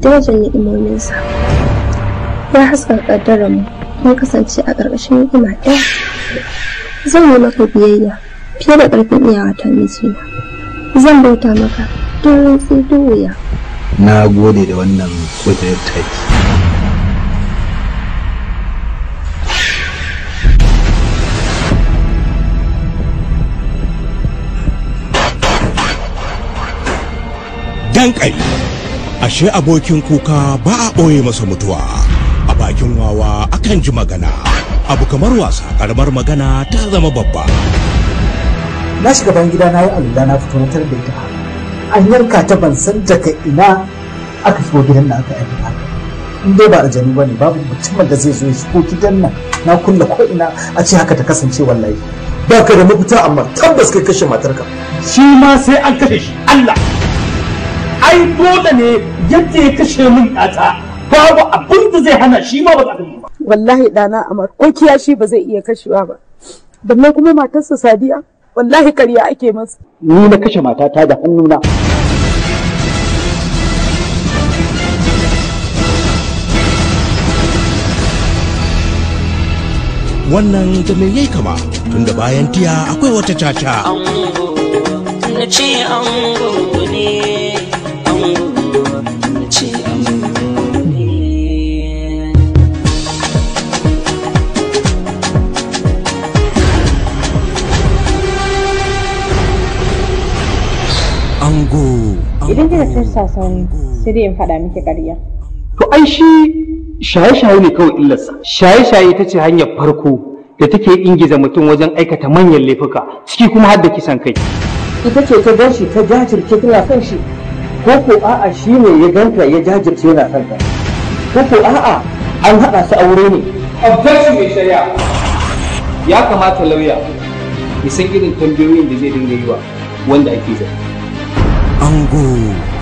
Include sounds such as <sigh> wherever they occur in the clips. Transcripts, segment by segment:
darajar ni'imominsa ya haska mu mun kasance a ƙarƙashin ni'ima ɗaya zan yi maka biyayya fiye da ƙarfin iyawa ta mijina zan bauta maka don rantsi duk na gode da wannan ƙudurin ashe abokin kuka ba a ɓoye masa mutuwa a bakin wawa akan ji magana abu kamar wasa karamar magana ta zama babba na shiga ban gida na yi alula na fito wutar da ita an yanka ta ban san daga ina aka shigo gidan na aka yi haka in dai ba a jani ba ne babu mutumin da zai zo ya shigo gidan nan na kulle ko ina a ce haka ta kasance wallahi ba ka da mafita amma tabbas kai kashe matarka shi ma sai an kashe shi Allah ai dole ne yadda ya kashe min ɗata babu abin da zai hana shi ma ba za ta ba. Wallahi ɗana Amar ko kiyashi ba zai iya kashewa ba. Balle kuma matarsa Sadiya wallahi karya ake masa. Ni na kashe matata da hannuna. Wannan da me yai kama tunda bayan tiya akwai wata caca. Ango, na ce ango. da sa ne sai dai in faɗa miki ƙarya to ai shi shaye-shaye ne kawai illarsa shaye-shaye ita ce hanyar farko da take ingiza mutum wajen aikata manyan laifuka ciki kuma har da kisan kai ita ce ta gan shi ta jajirce tana kan shi ko ko a'a shi ne ya ganta ya jajirce yana kan ta ko ko a'a an haɗa su aure ne objection mai shari'a ya kamata lauya ya san irin tambayoyin da zai dinga yi wa wanda ake zargi ango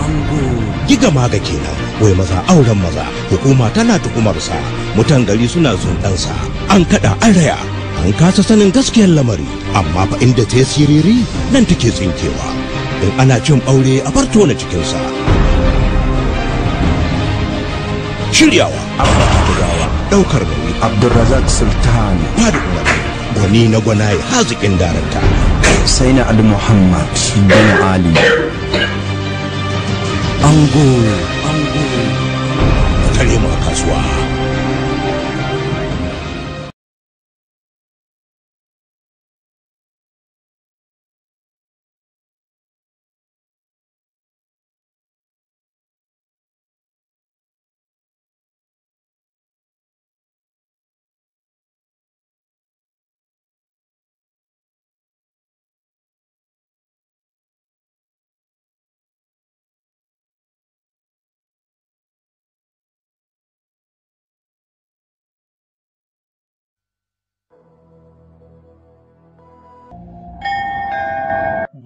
ango giga maga kenan wai maza auren maza hukuma tana tukumarsa mutan gari suna zundansa an kada an raya an kasa sanin gaskiyar lamari amma fa inda ta siriri nan take tsinkewa in ana cin aure a bar tona cikinsa shiryawa abdullawa daukar gari abdulrazak sultan fadi umar gwani na gwanaye hazikin daranta sai na ali muhammad bin ali ango ango ka tare mu kasuwa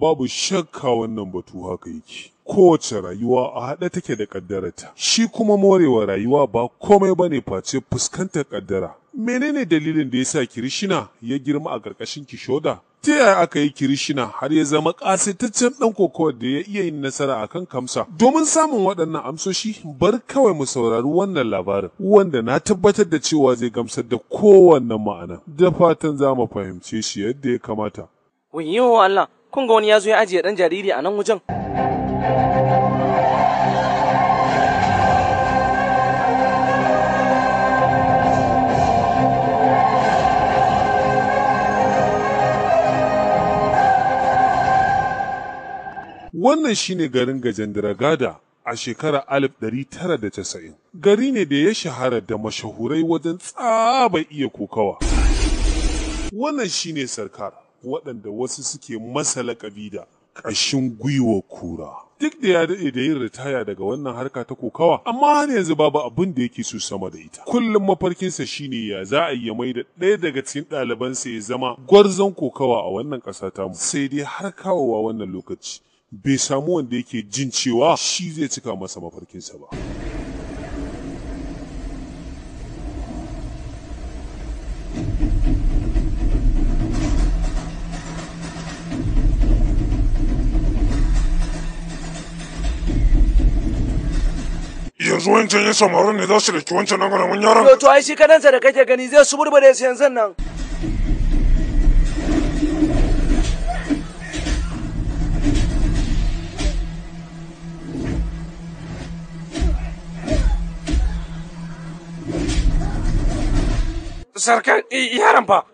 babu shakka wannan batu haka yake kowace rayuwa a haɗe take da ƙaddarata, shi kuma morewa rayuwa ba komai bane face fuskantar ƙaddara menene dalilin da ya sa kirishina ya girma a ƙarƙashin kishoda ta yaya aka yi kirishina har ya zama ƙasaitaccen ɗan kokowa da ya iya yin nasara a kan kamsa domin samun waɗannan amsoshi bar kawai mu saurari wannan labarin wanda na tabbatar da cewa zai gamsar da kowannen ma'ana da fatan za mu fahimce shi yadda ya kamata. Wayo Allah, kun ga wani ya zo ya ajiye ɗan jariri a nan wajen Wannan shine garin diragada a shekarar 1990. Gari ne da ya shahara da mashahurai wajen tsaba iya kokawa. Wannan shine sarkar. waɗanda wasu suke masala ƙabida ƙashin gwiwa kura. Duk da ya daɗe da yin ritaya daga wannan harka ta kokawa, amma har yanzu babu abin da yake so sama da ita. Kullum mafarkinsa shine ya za a iya mai da ɗaya daga cikin ɗalibansa ya zama gwarzon kokawa a wannan ƙasa ta mu Sai dai har kawowa wannan lokaci bai samu wanda yake jin cewa shi zai cika masa mafarkinsa ba. yanzu wancan ya samarin ne za su daki wancan nan ƙaramin yaron. To ai shi kadansa da kake gani zai da su yanzu nan. Sarkar yaran fa.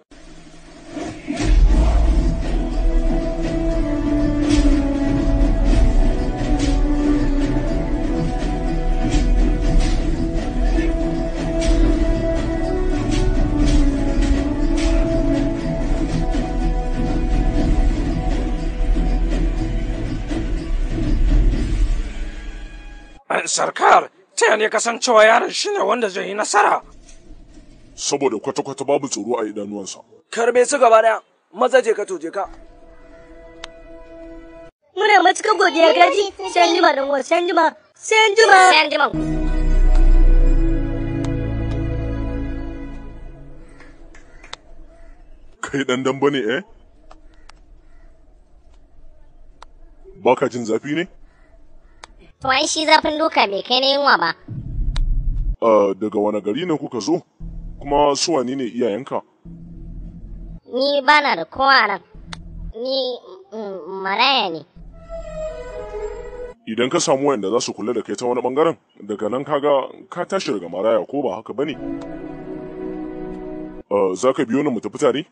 Sarkar, ta ne kasancewa yaron shi ne wanda zai yi nasara? Saboda kwata-kwata babu tsoro a idanuwansa. Karbe su gaba daya, maza je ka to je ka. Muna matuƙar godiya gaji, sai jima dan wasu, sai jima, sai jima. Sai jima. Kai dan dan ne eh? Baka jin zafi ne? To ai shi zafin duka bai kai na yunwa ba. daga wani gari ne kuka zo? Kuma su wani ne iyayenka? Ni ba na da kowa nan. Ni mm, maraya ne. Idan ka samu wayanda za su kula da kai ta wani bangaren, daga nan kaga ka tashi daga maraya ko ba haka bane? ne? za ka biyo ni mu tafi tare?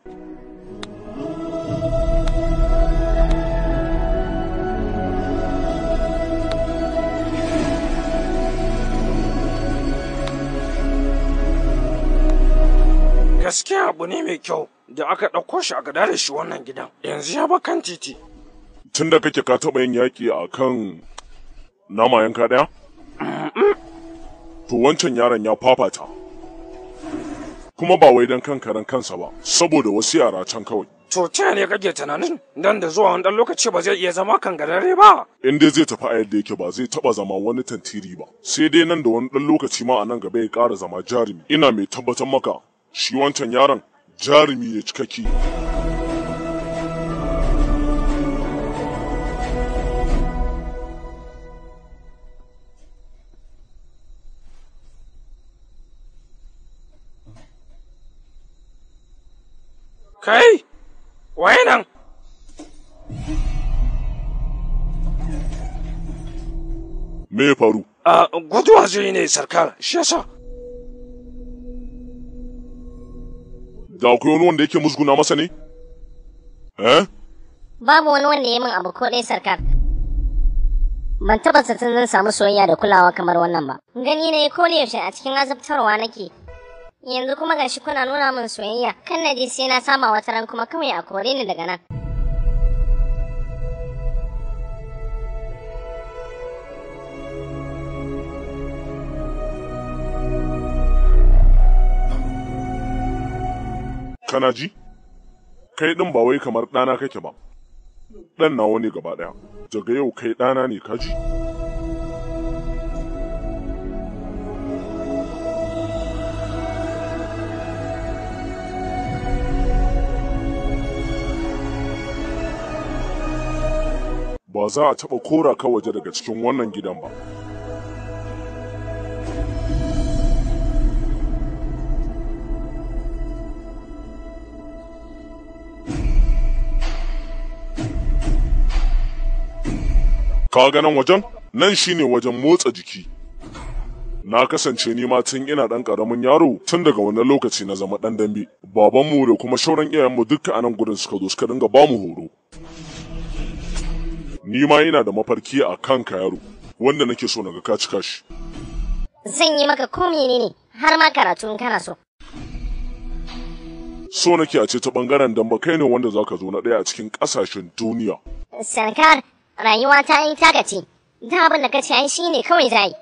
Gaskiya abu ne mai kyau da aka ɗauko shi a gada da shi wannan gidan. Yanzu ya bakan titi. Tun da kake ka taɓa yin yaƙi a kan nama yanka ɗaya? To wancan yaron ya fafata. Kuma ba wai don kan karen kansa ba, saboda wasu yara can kawai. To ta ne kake tunanin dan da zuwa wani ɗan lokaci ba zai iya zama kan gadare ba. In dai zai tafi a yadda yake ba zai taɓa zama wani tantiri ba. Sai dai nan da wani ɗan lokaci ma a nan gaba ya ƙara zama jarumi. Ina mai tabbatar maka shi wancan yaron jarumi ya cikakke kai waye nan me faru a ah, guduwa ne sarkar shi yasa da akwai wani wanda yake musguna masa ne? Eh? Babu wani wanda ya min abu ko ɗaya sarkar. Ban taɓa satin zan samu soyayya da kulawa kamar wannan ba. Gani ne ko ne yaushe a cikin azabtarwa nake. Yanzu kuma gashi kuna nuna min soyayya. Kan na sai na sama wata ran kuma kawai a kore ni daga nan. Kana ji? Kai ɗin ba wai kamar ɗana kake ba. Dan nawa ne gaba ɗaya. Daga yau kai ɗana ne ka ji? Ba za a taɓa kora ka waje daga cikin wannan gidan ba. Ka ga nan wajen? Nan shine wajen motsa jiki. na kasance ni ma tun ina dan karamin yaro tun daga wannan lokaci na zama dan dambe babanmu da kuma shauran iyayen iyayenmu dukkan anan gudun suka zo suka dinga ba mu horo ni ma ina da mafarki a kan ka yaro wanda nake so naga ka cika shi zan yi maka ko menene har ma karatu in kana so so nake a ce ta bangaren damba kai ne wanda zaka zo na daya a cikin kasashen duniya sarkar rayuwa ta yi taka ce, da abin da ka ai shi ne kawai za yi.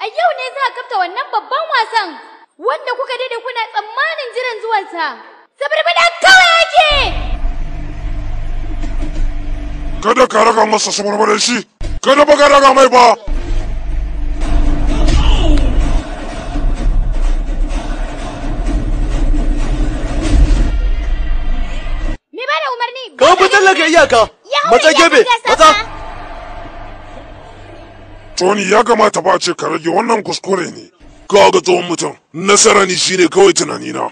A yau ne za a kafta wannan babban wasan wanda kuka daɗe kuna tsammanin jiran zuwansa. Sabarbada kawai yake! Kada ka raga masa sabarbadan shi, kada ba ka raga mai ba. Me ba da umarni? Ka fitar da iyaka, matsa gebe, Tony ya kamata ba ce ka rage wannan kuskure ne. Ka ga tsohon mutum, nasara shi shine kawai tunanina.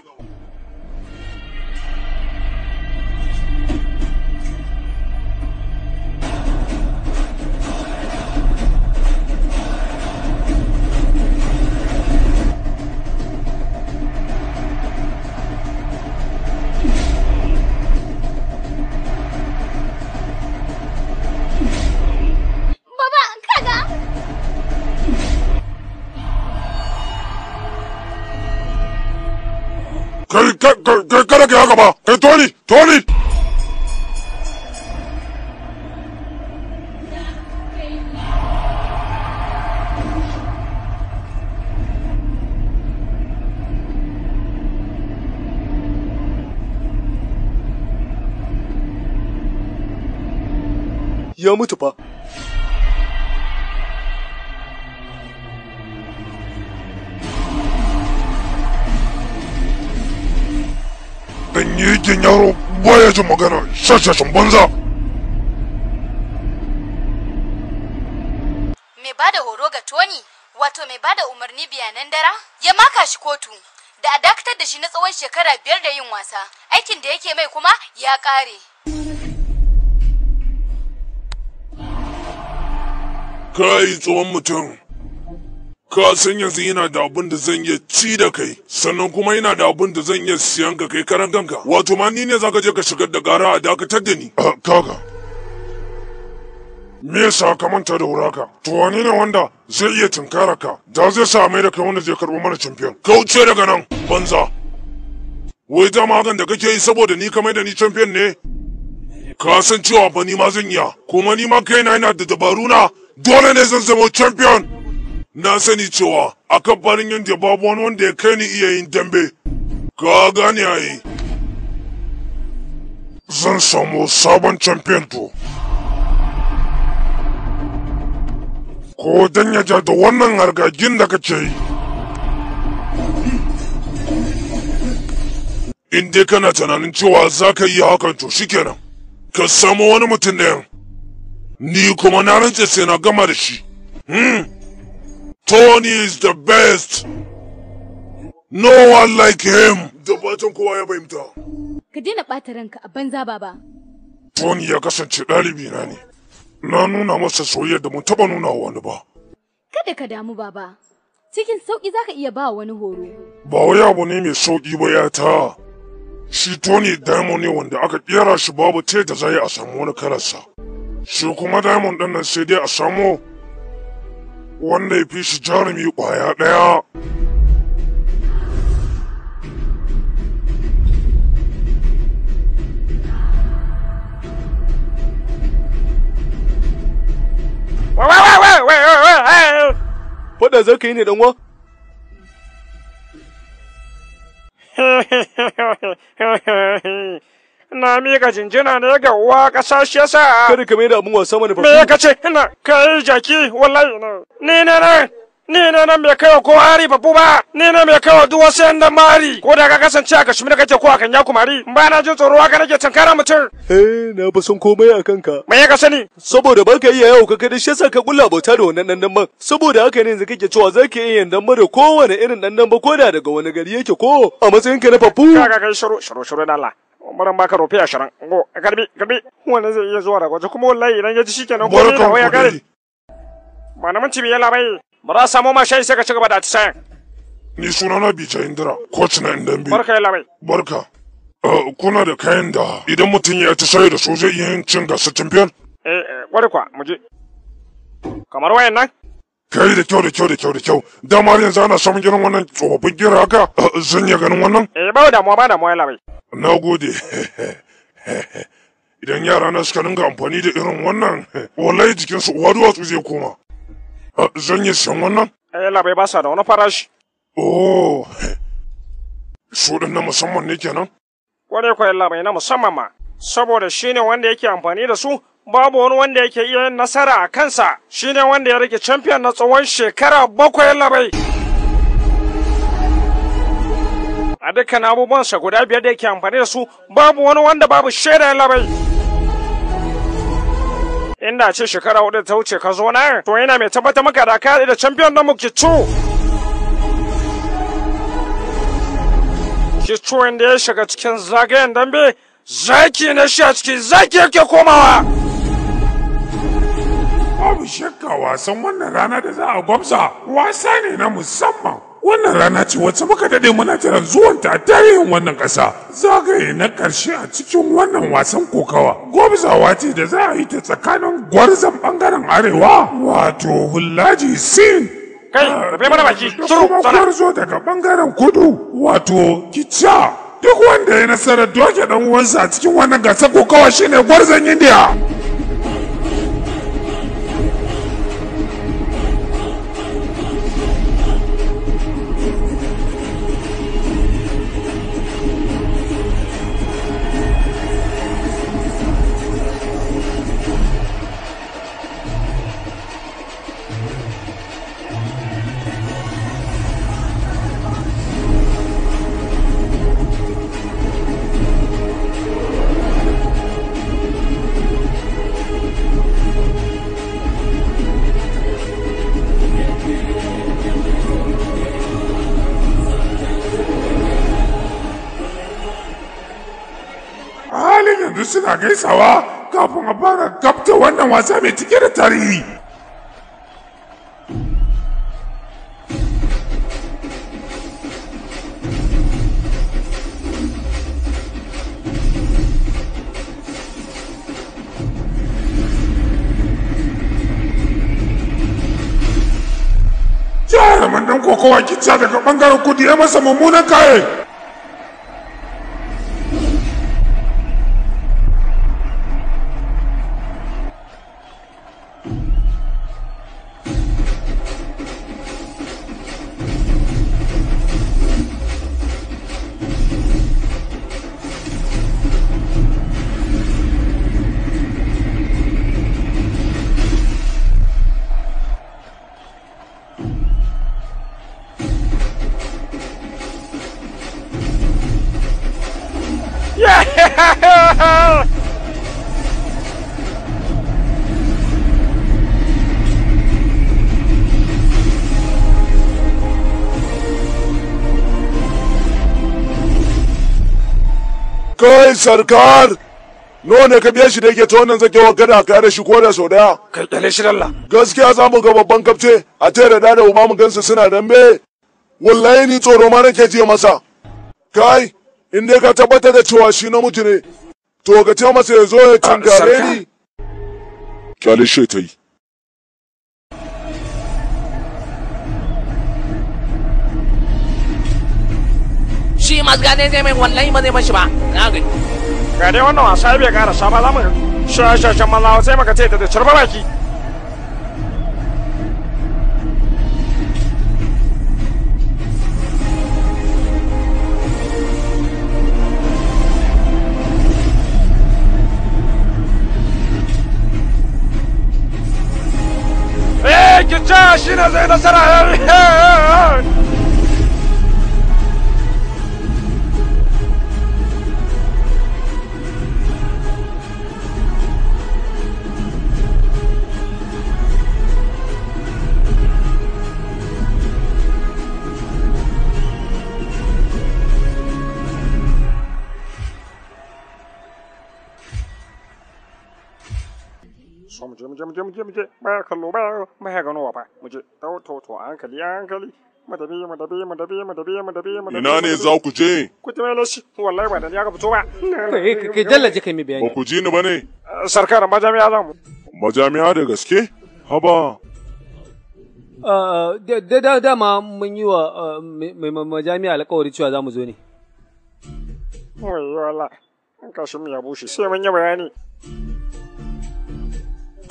kada ka haka ba kai toni toni ya mutu fa yi yakin yaro baya jin magana shashashin banza mai da horo ga tony wato mai ba da umarni biyanan dara ya maka shi kotu da a dakatar da shi na tsawon shekara biyar da yin wasa aikin da yake mai kuma ya ƙare kai tsohon mutum ka san yanzu yana da abin da zan iya ci da kai sannan kuma yana da abin da zan iya siyan ka kai karan kanka wato ma ni ne zaka je ka shigar da gara a dakatar da ni ah, kaga me yasa ka manta da wuraka to wani ne wanda zai iya tunkara ka da zai sa mai da kai wanda zai karɓo mana champion kauce daga nan banza wai ta magan da kake yi saboda ni kamar da ni champion ne ka san cewa ba ni ma zan iya kuma ni ma kaina yana da dabaru na dole ne zan zama champion na sani cewa a kamfanin da babu wani wanda ya kai ni iya yin dambe ka gane yi. zan samu sabon champion to ko dan ya da wannan hargagin da ce yi in dai kana tunanin cewa za ka yi hakan to shikenan ka samu wani mutum yan. ni kuma na rantse sai na gama da shi hmm. Tony is the best. No one like him. Da fatan kowa ya fahimta. Ka daina ɓata ranka a banza baba. Tony ya kasance ɗalibi na ne. Na nuna masa soyayya da mun taɓa nuna wani ba. Kada ka damu baba. Cikin sauƙi zaka iya ba wani horo. Ba wai abu ne mai sauƙi ba ya ta. Shi Tony Diamond ne wanda aka ƙera shi babu ta da zai a samu wani kararsa. Shi kuma Diamond ɗin nan sai dai a samo wanda ya fi shi jarumi kwaya ɗaya. Faɗa za ka yi ne ɗanwa? <laughs> na miƙa jinjina ne ga uwa ƙasa shi yasa. Kada ka mai da abin wasa mana Me ka ce? Ina kai jaki wallahi na. Ni ne nan. Ni ne nan mai kai ko hari babu ba. Ni ne mai wa duk wasu yan mari. Ko da ka kasance a kashmir kake ko a kan kumari. Ba na jin tsoro haka nake tankara mutum. Eh na ba san komai a kanka. Me ka sani? Saboda ba ka iya yau ka kada shi yasa ka gulla bauta da wannan dan ban. Saboda haka ne yanzu kake cewa za ka iya yin damba da kowane irin dan damba ko da daga wani gari yake ko a matsayinka na babu. Ka ga kai shiru shiru shiru da Allah. mara baka rufe ashirin go karbi karbi wannan zai iya zuwa da waje kuma wallahi idan ya ji shikenan ko da waya gare na cibi ya labai ba za samu ma shayi sai ka ci gaba da atisayen ni suna na bice indira coach na bi barka ya labai barka eh, kuna da kayan da idan mutum ya ci sai da su zai iya yin cin gasar champion eh kwari eh, kwa je. kamar wayan nan kai da kyau da kyau da kyau da kyau ma yanzu ana samun irin wannan tsofaffin gira haka zan <laughs> iya ganin wannan eh ba da mu ba da mu labai na gode <laughs> idan yara na suka dinga amfani da irin wannan <laughs> wallahi jikin su uwa duwatsu zai koma ah, zan iya siyan wannan eh labai ba sa da wani farashi oh su din na musamman ne kenan kwarai kwarai labai na musamman ma saboda shine wanda yake amfani da su babu wani wanda yake iya yin nasara a kansa shine wanda ya rike champion na tsawon shekara bakwai labai a dukkan abubuwan sa guda biyar da yake amfani da su babu wani wanda babu shaida labai inda ce shekara hudu ta wuce ka zo nan to yana mai tabbata maka da ka da champion na mu kicu kicu ya shiga cikin zagayen dambe zaki na shi a ciki, zaki yake komawa Babu shakka wasan wannan rana da za a gwamza wasa ne na musamman. Wannan rana ce wacce muka dade muna jiran zuwan ta tarihin wannan ƙasa. Zagaye na ƙarshe a cikin wannan wasan kokawa. Gwamzawa ce da za a yi ta tsakanin gwarzon ɓangaren arewa wato hullaji sin kai rufe mana baki suru sana gwarzo daga bangaren kudu wato kicca duk wanda ya nasarar doke dan uwansa a cikin wannan gasar kokawa shine gwarzan indiya suna gaisawa kafin a fara gabta wannan wasa mai cike da tarihi Jihar dan kokowa kicca daga bangaren kudu ya masa mummunan kaye. kai sarkar no ne ka biya shi da yake ta wannan zake wa da ka da shi ko da sau daya kalkale shi allah. gaskiya za mu ga babban kafce a tare da da umamu gansu suna dambe wallahi ni tsoro ma nake ji masa kai in dai ka tabbata da cewa shi na mutu ne to ga ce masa ya zo ya tunkare ni kyale shi ta yi shi mas gane zai mai wallahi ba zai mashi ba na gani ga dai wannan wasa bai kara sha ba za mu shashashan mallawa sai maka ce ta da cirba baki Ya eh, shi na zai nasara! <laughs> muje muje baya kallo baya baya ganowa fa muje to to to hankali hankali madabi madabi madabi madabi madabi madabi ina ne za ku je ku ta shi wallahi ba da ya ka fito ba eh, kai kai dallaje kai mi bayani ba ku ji ni bane eh, sarkar majami'a zamu majami'a da gaske haba eh, da da dama mun yi wa majami'a alƙawari cewa za mu zo ne. Wai wala, kashin ya bushe sai mun yi bayani.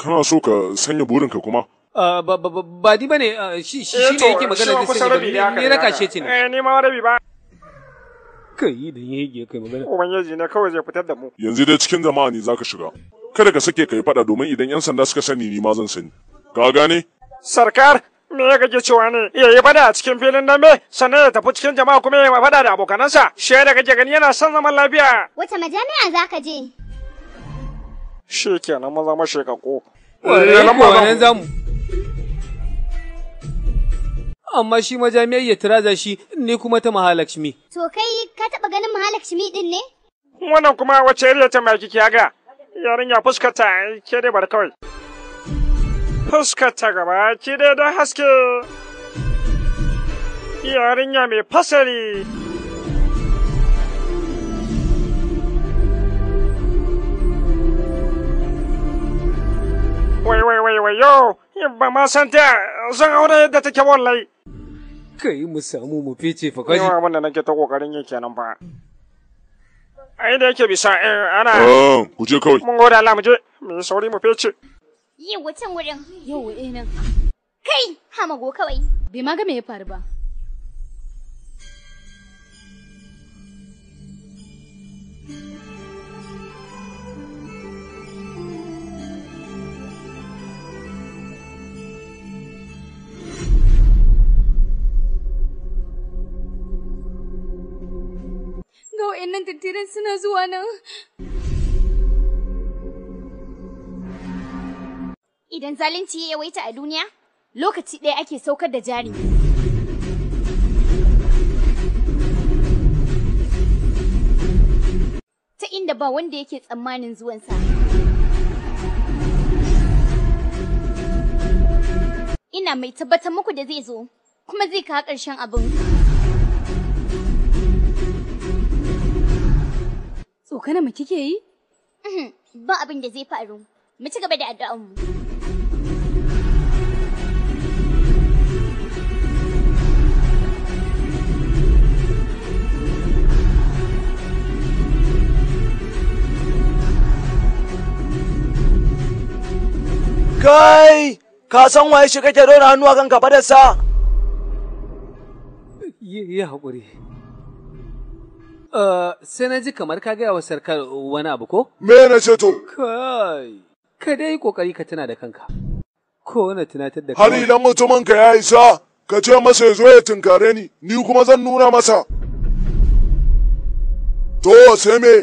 kana so ka sanya burinka kuma ah, ba di ba ne ah, shi ne yake magana da sanya ba ne raka ce ce ne eh ni ma rabi ba yi da yake kai magana ubangiji ne kawai zai fitar da mu yanzu dai cikin jama'a ne za ka shiga kada ka sake ka yi fada domin idan yan sanda suka sani ni ma zan sani ka gane sarkar me ya gaje cewa ne ya yi fada a cikin filin dambe sannan ya tafi cikin jama'a kuma ya fada da abokanansa shi da kake gani yana son zaman lafiya wace majami'a ka je shi kenan maza mashekako Eh, Wannan zamu. Amma shi majami'ar ya tiraza shi ne kuma ta Mahalakshmi. To kai ka taɓa ganin Mahalakshmi ɗin ne? Wannan kuma wace iriya ta mai kiki ga? Yarinya fuskata ke dai bar kawai. Fuskata gaba ke dai don haske. Yarinya mai fasari. Wai wai wai wai yo, ba ma san ta zan aure yadda take wallahi. Kai mu samu mu fice fa kaji. Yawa wanda nake ta kokarin yi kenan fa. Ai da yake bisa eh, ana. Oh, ku je kawai. Mun gode Allah mu je. Mu sauri mu fice. Yi wucin wurin. Yau eh nan. Kai, hamago kawai. Bai ma ga me ya faru ba. ga wa'annan tattirin suna zuwa nan. Idan zalunci ya yawaita a duniya, lokaci ɗaya ake saukar da jari. Ta inda ba wanda yake tsammanin zuwansa. Ina mai tabbatar muku da zai zo, kuma zai kawo ƙarshen abin. tsokana mu kike yi? Uhm, ba abin da zai faru. Mu ci gaba da addu'anmu. Kai! Ka san waye shi kake dora hannu a kan Ye, ye haƙuri. Eh, sai na ji kamar ka gaya wa sarkar wani abu ko? Me na ce to? Kai, ka dai kokari ka tuna da kanka. Ko wani tunatar da kanka. Har idan mutumin ka ya isa, ka ce masa ya zo ya tunkare ni, ni kuma zan nuna masa. To sai me?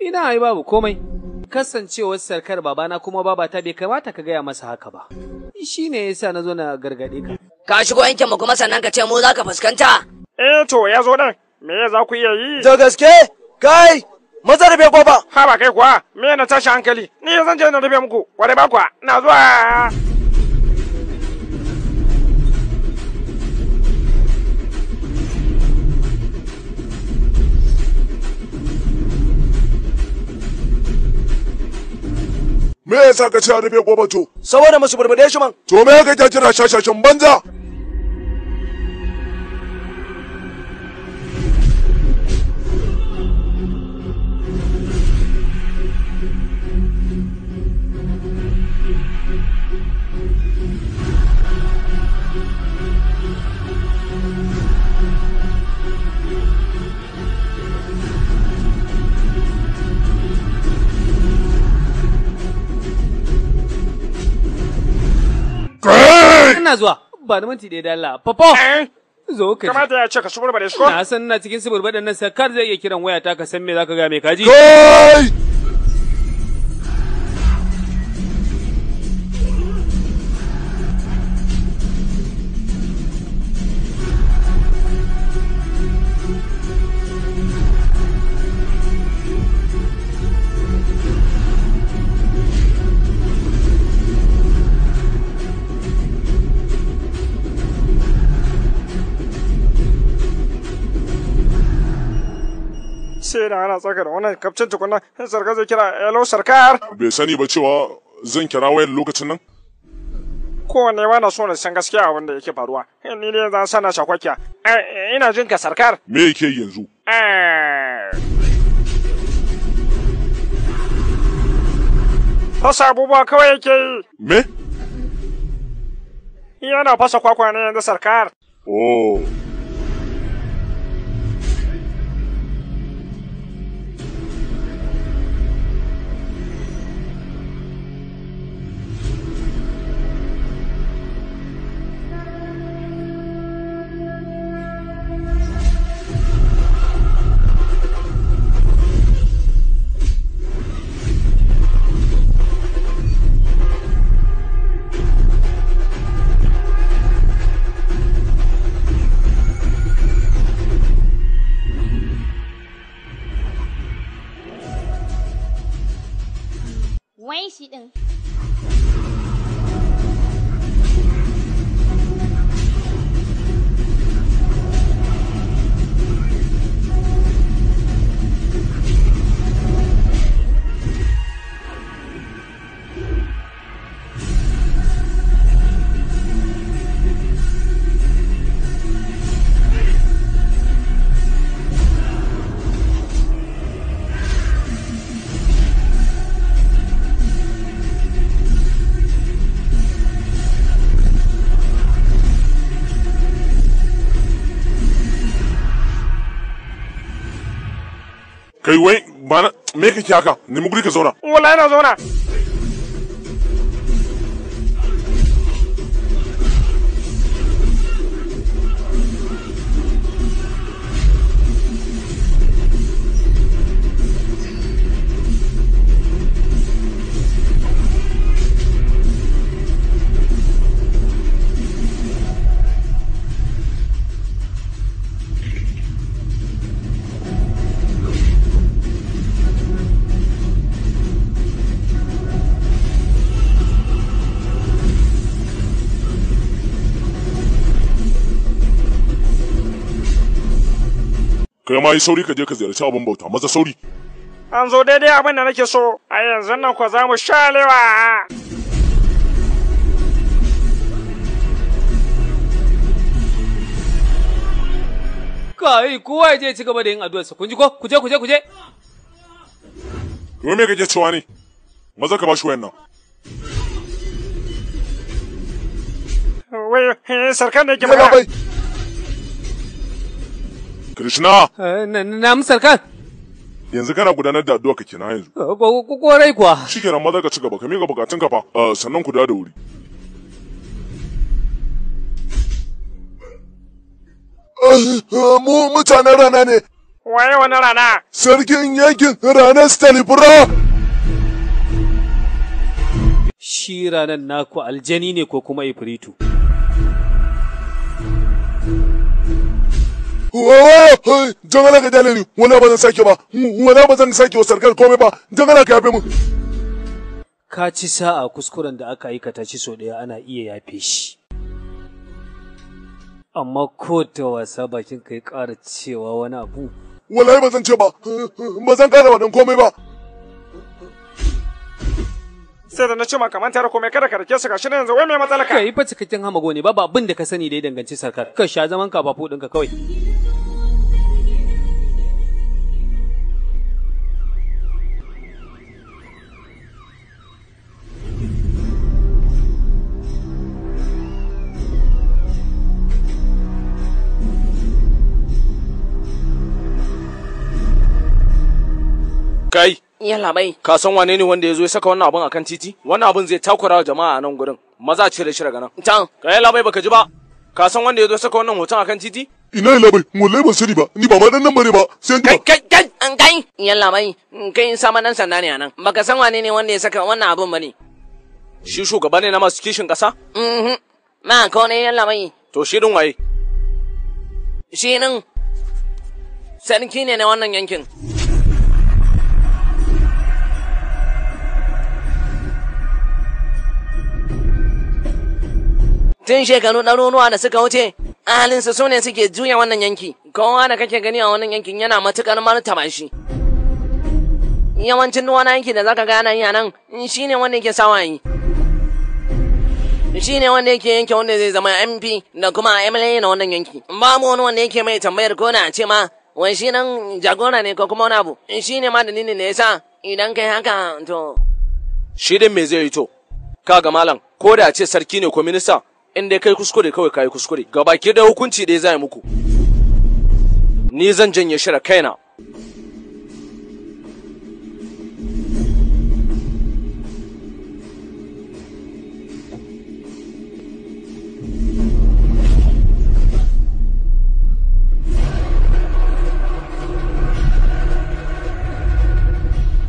Ina ai babu komai. Kasancewar sarkar babana kuma babata bai kamata ka gaya masa haka ba. Shi ne yasa na zo na gargaɗe ka. Ka shigo yankin mu kuma sannan ka ce mu za ka fuskanta. Eh to ya zo nan. me za ku iya yi da gaske kai maza rabe goba ha ba kai kuwa me na tashi hankali ni zan je na rabe muku kware ba kuwa na zuwa Me yasa ka ce a rufe gobe Saboda musu barbade shi man. To me ka jira shashashin banza? ina zuwa ba da minti ɗaya dalla papa eh? zo ka kamata ya ce ka suburba da shi ko na san na cikin suburba da nan sakar zai iya kiran waya ta ka san me zaka ga mai kaji kai da ana tsaka da wannan kafcin tukunna sarkar zai kira hello sarkar bai sani ba cewa zan kira wayar lokacin nan kowanne ma na so na san gaskiya abin da yake faruwa eh, ni ne zan sana shakwakiya eh, eh, ina jin ka sarkar me yake yanzu fasa abubuwa kawai yake yi me yana fasa kwakwa ne yanzu sarkar oh kai eh, wai ba me kake haka nemi guri ka zauna wallahi na zauna ma yi sauri ka je ka ziyarci abin bauta maza sauri an zo daidai abin da nake so a yanzu nan ku za mu sha lewa kai kowa ya je ci gaba da yin addu'arsa kun ji ko ku je ku je ku je to me kake cewa ne maza ka ba shi wayan wai eh, sarkan da yake magana Krishna. Eh, na sarkar. yanzu kana gudanar da addu'a kake na yanzu. Eh, kwarai kuwa. Shikenan maza ka ci gaba, ka miƙa ka fa, eh, sannan ku da wuri. Mu mutanen rana ne. Waye wani rana? Sarkin yankin ranar Stalibra. Shi ranar naku aljani ne ko kuma ifritu. jan ka dale wani ba zan sake ba wani ba zan sake wa sarkar komai ba jan ala ka yafe mu ka ci sa'a kuskuren da aka aikata shi sau ɗaya ana iya yafe shi amma ko ta wasa bakin kai ƙara cewa wani abu wallahi ba zan ce ba ba zan ƙara wadan komai ba sai da na ce ma kamar tare komai kada ka rake su gashi na yanzu wai mai matsala ka kai fa cikakken hamago ne babu abin da ka sani da ya danganci sarkar ka sha zaman ka ba fudin ka kawai yalla bai ka san wane ne wanda ya zo ya saka wannan abun akan titi wannan abun zai takura wa jama'a a nan gurin maza ce da shi daga nan tan ka yalla bai baka ji ba ka san wanda ya zo ya saka wannan hoton akan titi ina yi labai wallahi ban sani ba ni ba ma dan nan bane ba sai ka kai kai an kai iya labai kai sama nan sanda ne anan baka san wane ne wanda ya saka wannan abun bane shi shugaba ne na masu kishin kasa mhm ma ko ne yalla bai to shi din waye shi nan sarki ne na wannan yankin tun shekaru ɗaruruwa da suka wuce ahalinsu su ne suke juya wannan yanki kowa da kake gani a wannan yankin yana matuƙar martaba shi yawancin wani yanki da zaka gana yi a nan shi ne wanda yake sawa yi shi ne wanda yake yanke wanda zai zama mp da kuma mla na wannan yanki babu wani wanda yake mai tambayar ko na ce ma wai shi nan jagora ne ko kuma wani abu shi ne ma dalilin da yasa idan kai haka to shi din me zai yi to Ka ga malam ko da ce sarki ne ko minista in dai kai kuskure kawai kai kuskure baki da hukunci dai zai muku ni zan janye shira kaina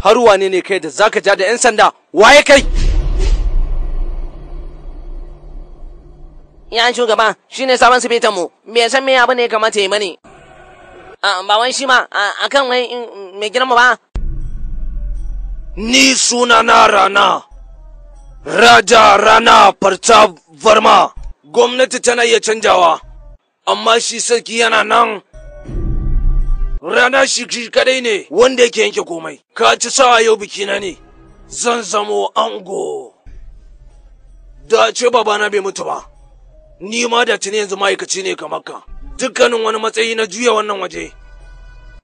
har wane ne kai da zaka ja da 'yan sanda waye kai ya shugaba shine sabon sifitan mu bai san me abu ne kamar ta yi mani. ba wai shi ma akan wai mai girma ba ni suna na rana raja rana farta varma gwamnati tana iya canjawa amma shi sarki yana nan rana shi kadai ne wanda yake yanke komai ka ci sawa yau bikina ne zan zamo ango da ce babana bai mutu ba ni ma da tuni yanzu ma'aikaci ne kamar ka dukkanin wani matsayi na juya wannan waje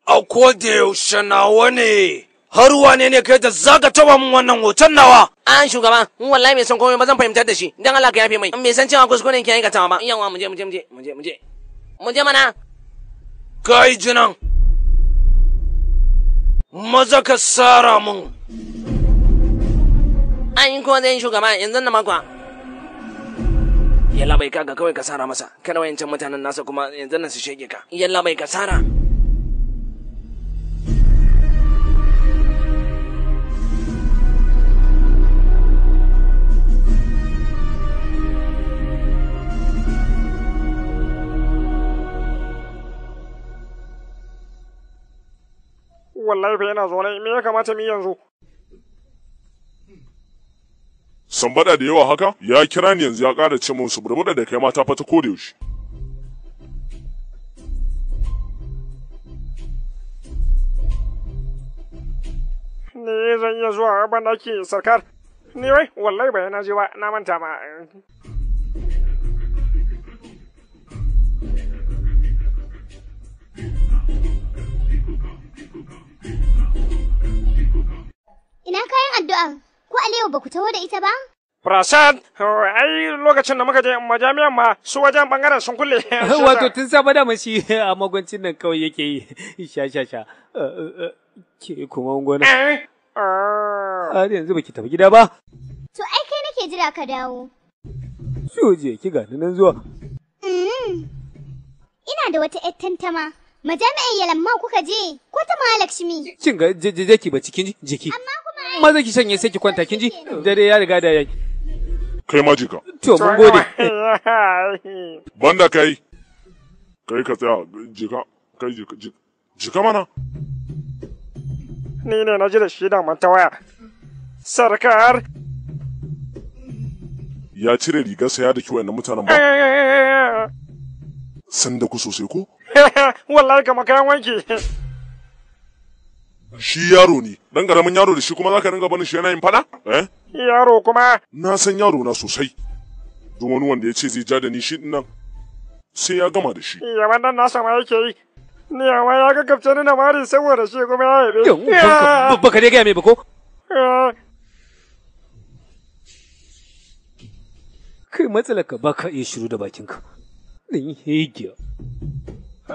a ko da yaushe nawa ne har wane ne kai da zaka taba min wannan hoton nawa an shugaba mun wallahi mai son komai ba zan fahimtar da shi dan Allah ka yafe mai mai san cewa kuskure ki aikata ba yawa mu je mu je mu je mu je mu je mu je mana kai jinan maza ka sara mun an yi ko zai shugaba yanzu na makwa yalla bai kaga kawai ka sara masa kana wayancan mutanen nasa kuma yanzu nan su shege ka yalla bai ka sara wallahi fa yana zaune me ya kamata mu yanzu Sambada da yawa haka ya kira ni yanzu ya ƙara ce mun su da kai mata fata ko da yaushe. Ni zan iya zuwa ban ɗaki sarkar. Ni wai wallahi ba na je ba na manta ma. Ina kayan addu'a? ko Aliyu ba ku taho da ita ba? Prasad, ai lokacin da muka je majami'an ma su wajen bangaren sun kulle. <laughs> Wato tun saba da mashi a magwancin nan kawai yake yi sha sha sha. Eh, eh, eh, ke kuma gona. Har yanzu baki tafi gida ba. To ai kai nake jira ka dawo. Shoje ki ga nan zuwa. Mm-hmm. Ina da wata 'yar tantama. Majami'in yalamma kuka je ko ta Mahalakshmi? Kin ga jaki ba cikin jiki. Amma kuma maza ki sanya sai ki kwanta kin ji dare ya riga da yayi. Kai ma jika. To mun gode. <laughs> Banda kai. Kai ka tsaya jika kai jika jika mana. Ni ne na ji da shi da manta waya. Sarkar. Ya cire rigarsa ya daki wayannan mutanen ba. Sanda ku sosai ko? <laughs> wallahi kama kayan wanki shi yaro ne dan karamin yaro da shi kuma zaka ringa bani shi yana yin fada eh yaro kuma na san yaro na sosai domin wanda ya ce zai ja da ni shi nan sai ya gama da shi ya wannan na sama yake yi ni amma ya ga kafce ni na mari saboda shi kuma ya yabe baka dai ga me ba ko eh. kai matsalaka ka iya shiru da bakinka ɗin hegiya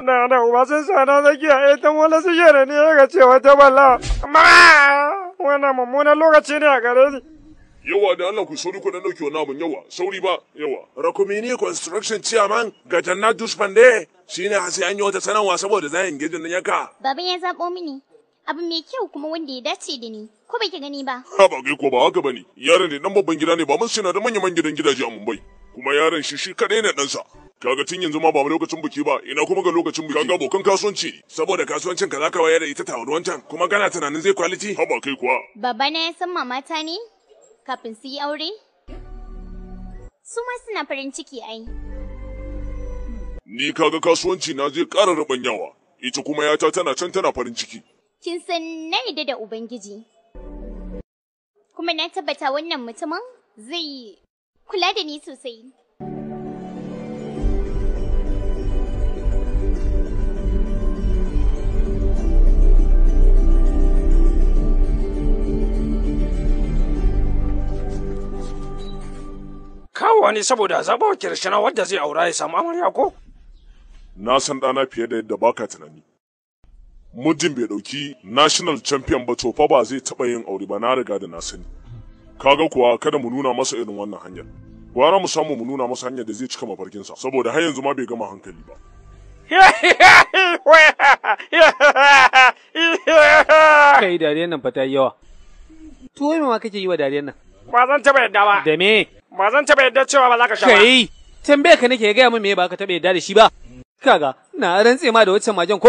Na da uba sai sana zaki a ita wala su eh, ni ne ya ce wata balla. Ma wannan mummunan lokaci ne a gare ni. Yawa da Allah ku sauri ku dan dauke wannan abun yawa sauri ba yawa. Rakumini construction chairman ga Jannat shi ne sai an yi wata sanarwa saboda zayin gejin nan yaka. Baban ya zabo mini. abu mai kyau kuma wanda ya dace da ni ko bai gani ba ha ba ko ba haka bane yaron ne dan babban gida ne ba mun suna da manyan gidan gidaje a Mumbai kuma yaron shi shi kadai ne dan sa kaga tun yanzu ma ba lokacin biki ba ina kuma ga lokacin biki kaga bokan kasuwanci saboda kasuwancin ka zaka wayar da ita ta can kuma kana tunanin zai kwaliti haba kai kuwa baba ne ya san mamata ne kafin su yi aure su ma suna farin ciki ai ni kaga kasuwanci na zai ƙara yawa, ita kuma yata tana can tana farin ciki kin san na yadda da ubangiji kuma na tabbata wannan mutumin zai kula da ni sosai kawowa ne saboda zaɓa wa kirshina wadda zai aura ya samu amarya ko? Na san ɗana fiye da yadda baka tunani. Muddin bai ɗauki national champion ba to fa ba zai taɓa yin aure ba na riga da na sani. Kaga kuwa kada mu nuna masa irin wannan hanyar. Gwara mu samu mu nuna masa hanyar da zai cika mafarkinsa saboda har yanzu ma bai gama hankali ba. Kai dariyar nan fa ta yi yawa. Tuwo ma kake yi wa dariyar nan? Ba zan taɓa yadda ba. Da me? Ba zan taɓa yadda cewa ba za ka sha ba. Kai, tambaye ka nake gaya min me ba ka taɓa yadda da shi ba. Kaga, na rantse ma da waccan majan ko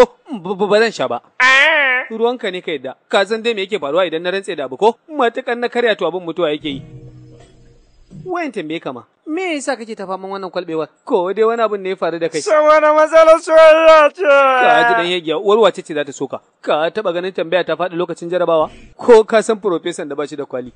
ba zan sha ba. Eh. Ruwanka ne ka yadda, ka san dai me yake faruwa idan na rantse da abu ko matukan na karya to abin mutuwa yake yi. Wayan tambaye ka ma, me yasa kake ta faman wannan kwalbewar? Ko dai wani abin ne ya faru da kai? Sai wani matsalar soyayya ce. Ka ji dan yagiya, uwar wace ce za ta soka? Ka taɓa ganin tambaya ta faɗi lokacin jarabawa? Ko ka san profesan da ba shi da kwali?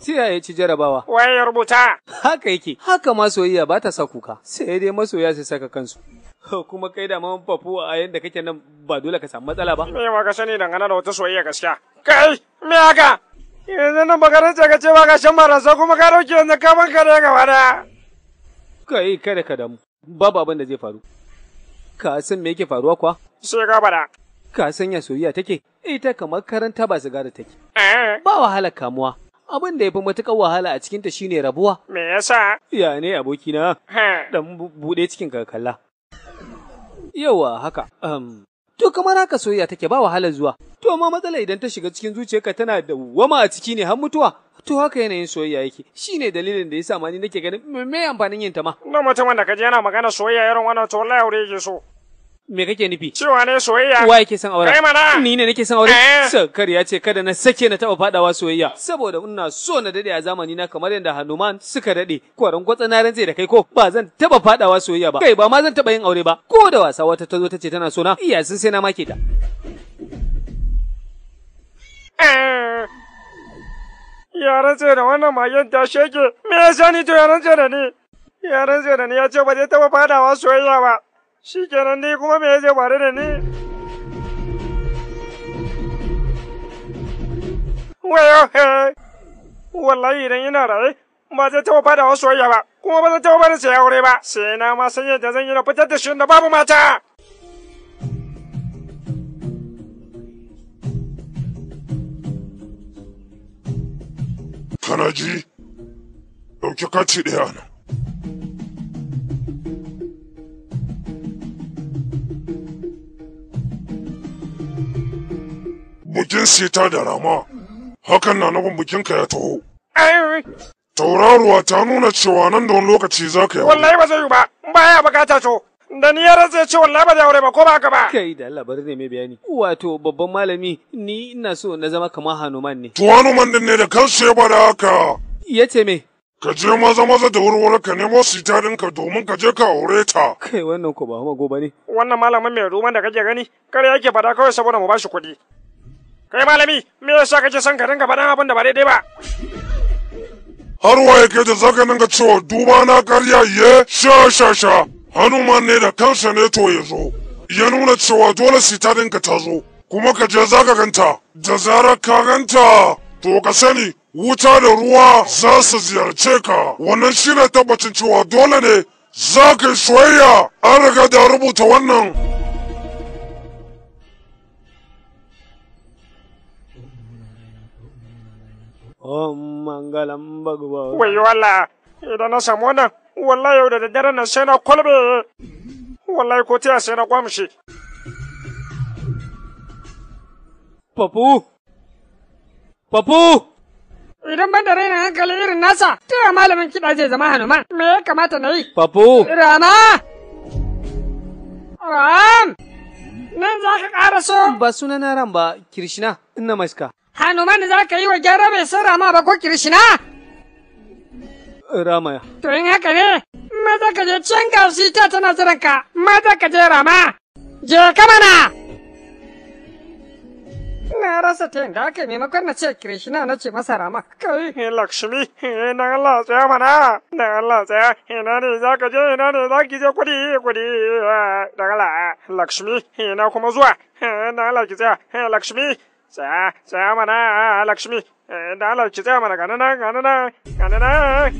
Siya ya ci jarabawa. Wai ya rubuta. Haka yake, haka ma soyayya ba ta sa kuka, sai dai masoya su saka kansu. <laughs> Kuma kai da man fafu a yadda kake nan ba dole ka samu matsala ba. Me ma ka sani dangane da wata soyayya gaskiya. Kai, me haka? Yanzu nan baka rantsa ka ce ba ka shan marasa kuma ka dauke yanzu ka da gaba da. wada. Kai, kada ka damu. Babu abin da zai faru. Ka san me yake faruwa kuwa? Sai ka bada. Ka sanya soyayya take, ita kamar karanta ba sigara take. Eh. Ba wahala kamuwa. abin da ya fi matuƙar wahala a cikinta shine rabuwa. Me yasa? Ya ne abokina, dan buɗe cikin kalla. Yawa haka, um, to kamar haka soyayya take ba wahalar zuwa. To amma matsala idan ta shiga cikin zuciyarka tana da wama a ciki ne har mutuwa. To haka yanayin soyayya yake. Shine dalilin da yasa ma ni nake ganin me amfanin yin ta ma. Na mutumin da kaje yana magana soyayya irin wannan to wallahi aure yake so. me kake nufi? Cewa ne soyayya. Wa yake son aure? Kai mana. Ni ne nake son aure? Eh. Shankar ya ce kada na sake na taɓa fadawa soyayya. Saboda ina so na dade a zamani na kamar yadda Hanuman suka dade. Kwaran gwatsa na rantse da kai ko ba zan taɓa fadawa soyayya ba. Kai ba ma zan taɓa yin aure ba. Ko da wasa wata ta zo ta ce tana so na. Iya sun sai na make ta. Eh. Yaran ce da wannan magen ta sheke. Me ya sani to yaran ce da ni? Yaran ce da ni ya ce ba zai taɓa fadawa soyayya ba. shi kenan ni kuma me zai faru da ni wayo he wallahi idan ina raye ba zai taɓa fada wasu soyayya ba kuma ba zai taɓa bani sai aure ba sai na ma san yadda zan yi na fitar da shi da babu mata kana ji ɗauki kati ɗaya nan bukin sita da rama hakan na nufin bukinka ya taho tauraruwa ta nuna cewa nan da wani lokaci za ka yi wallahi ba zai yi ba baya bukata to da ni ya zai ce wallahi ba zai aure ba ko ba ka ba kai da Allah bari ne mai bayani wato babban malami ni ina so na zama kamar Hanuman ne to Hanuman din ne da kansa ya bada haka ce me ka je maza maza da wurwuri ka nemo sita ka domin ka je ka aure ta. Kai wannan ko ba hama gobe ne. Wannan malaman mai ruman da kake gani kar yake fada kawai saboda mu bashi kuɗi. Kai malami, me yasa kake son ka dinga faɗan abin da ba daidai ba? Har waye da zaka dinga cewa duba na karya ye sha sha sha. Hanuman ne da kansa ne to ya zo. Ya nuna cewa dole sita dinga ta zo. Kuma ka je zaka ganta. Da zarar ka ganta, to ka sani wuta da ruwa za su ziyarce ka wannan shine tabbacin cewa dole ne za ka yi soyayya an riga da rubuta wannan Om mangalam bhagwa. Wai wala, idan na samu wannan, wallahi yau da daddare nan sai na kwalbe. Wallahi ko tiya sai na kwamshe. Papu! Papu! Idan ban da raina hankali irin nasa, taya malamin kiɗa zai zama Hanuman. Me ya kamata na yi? Papu! Rama! Ram! Nan za ka ƙara so? Ba sunana Ram ba, Kirishina, ina maska. Hanuman za ka yi wa gyara bai san rama ba ko Kirishina? Eh, Ramaya. To yin haka ne, maza ka je can shi ta tana ka, maza ka je rama, je ka mana! Na rasa ta da aka maimakon na ce Kirishina na ce masa rama. Kai, Lakshmi, na Allah tsaya mana, na Allah tsaya, ina ne za ka je, ina ne za ki je kudi, kudi, eh, da Allah, Lakshmi, ina kuma zuwa, na eh, Allah ki tsaya, Lakshmi, tsaya tsaya mana lakshmi da Allah గణన tsaya mana gana nan eh.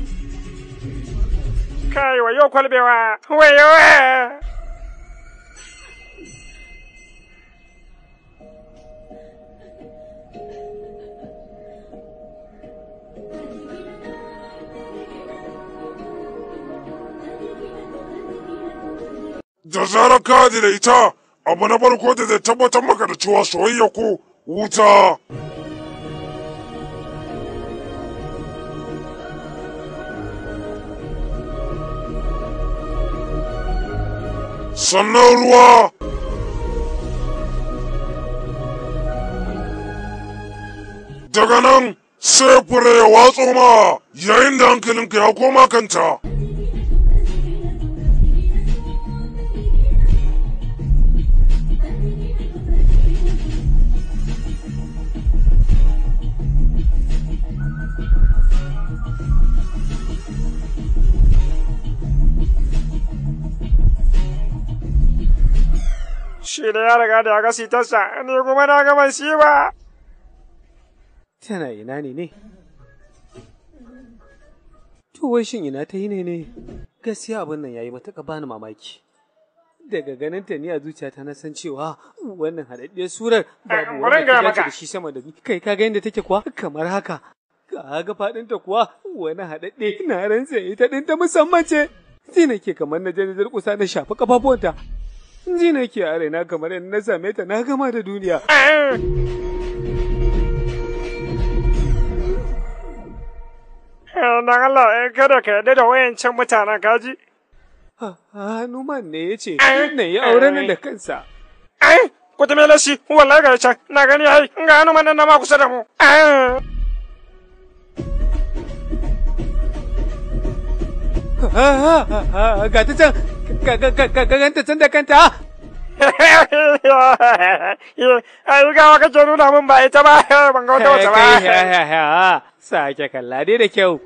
Da zarar ka da ita, abu na farko da zai tabbatar maka da cewa soyayya ko 오자! 산나으로 와! daga nan sai fure ya watso ma yayin da hankalinka ya koma kanta. shi da ya riga da ya ga sitarsa, ni kuma na ga ba. Tana ina ne ne? To wai shin ina ta yi ne Gaskiya abin nan ya yayi matuƙa bani mamaki. Daga ganin ta ni a zuciyata na san cewa wannan haɗaɗɗiyar surar babu wanda ta dace da shi sama da Kai ka ga yadda take kuwa kamar haka. Ka ga faɗinta kuwa wani haɗaɗɗe na ran ita ɗin ta musamman ce. Zina ke kamar na je kusa na shafi ƙafafuwanta ji nake a raina kamar yadda na same ta na gama da duniya eh, Dan Allah, eh, kada ka yadda da wayancin mutanen kaji. Hanuman ne ya ce, eh, na yi aure da kansa. ku ta mela shi, wallahi ga can, na gani ya yi, ga Hanuman nan na ma kusa da mu. ha ha ha ha Ga ta can, kaganta da kanta ai ga ka ce nuna min ba ita ba ban ga wata wata ba sake kalla dai da kyau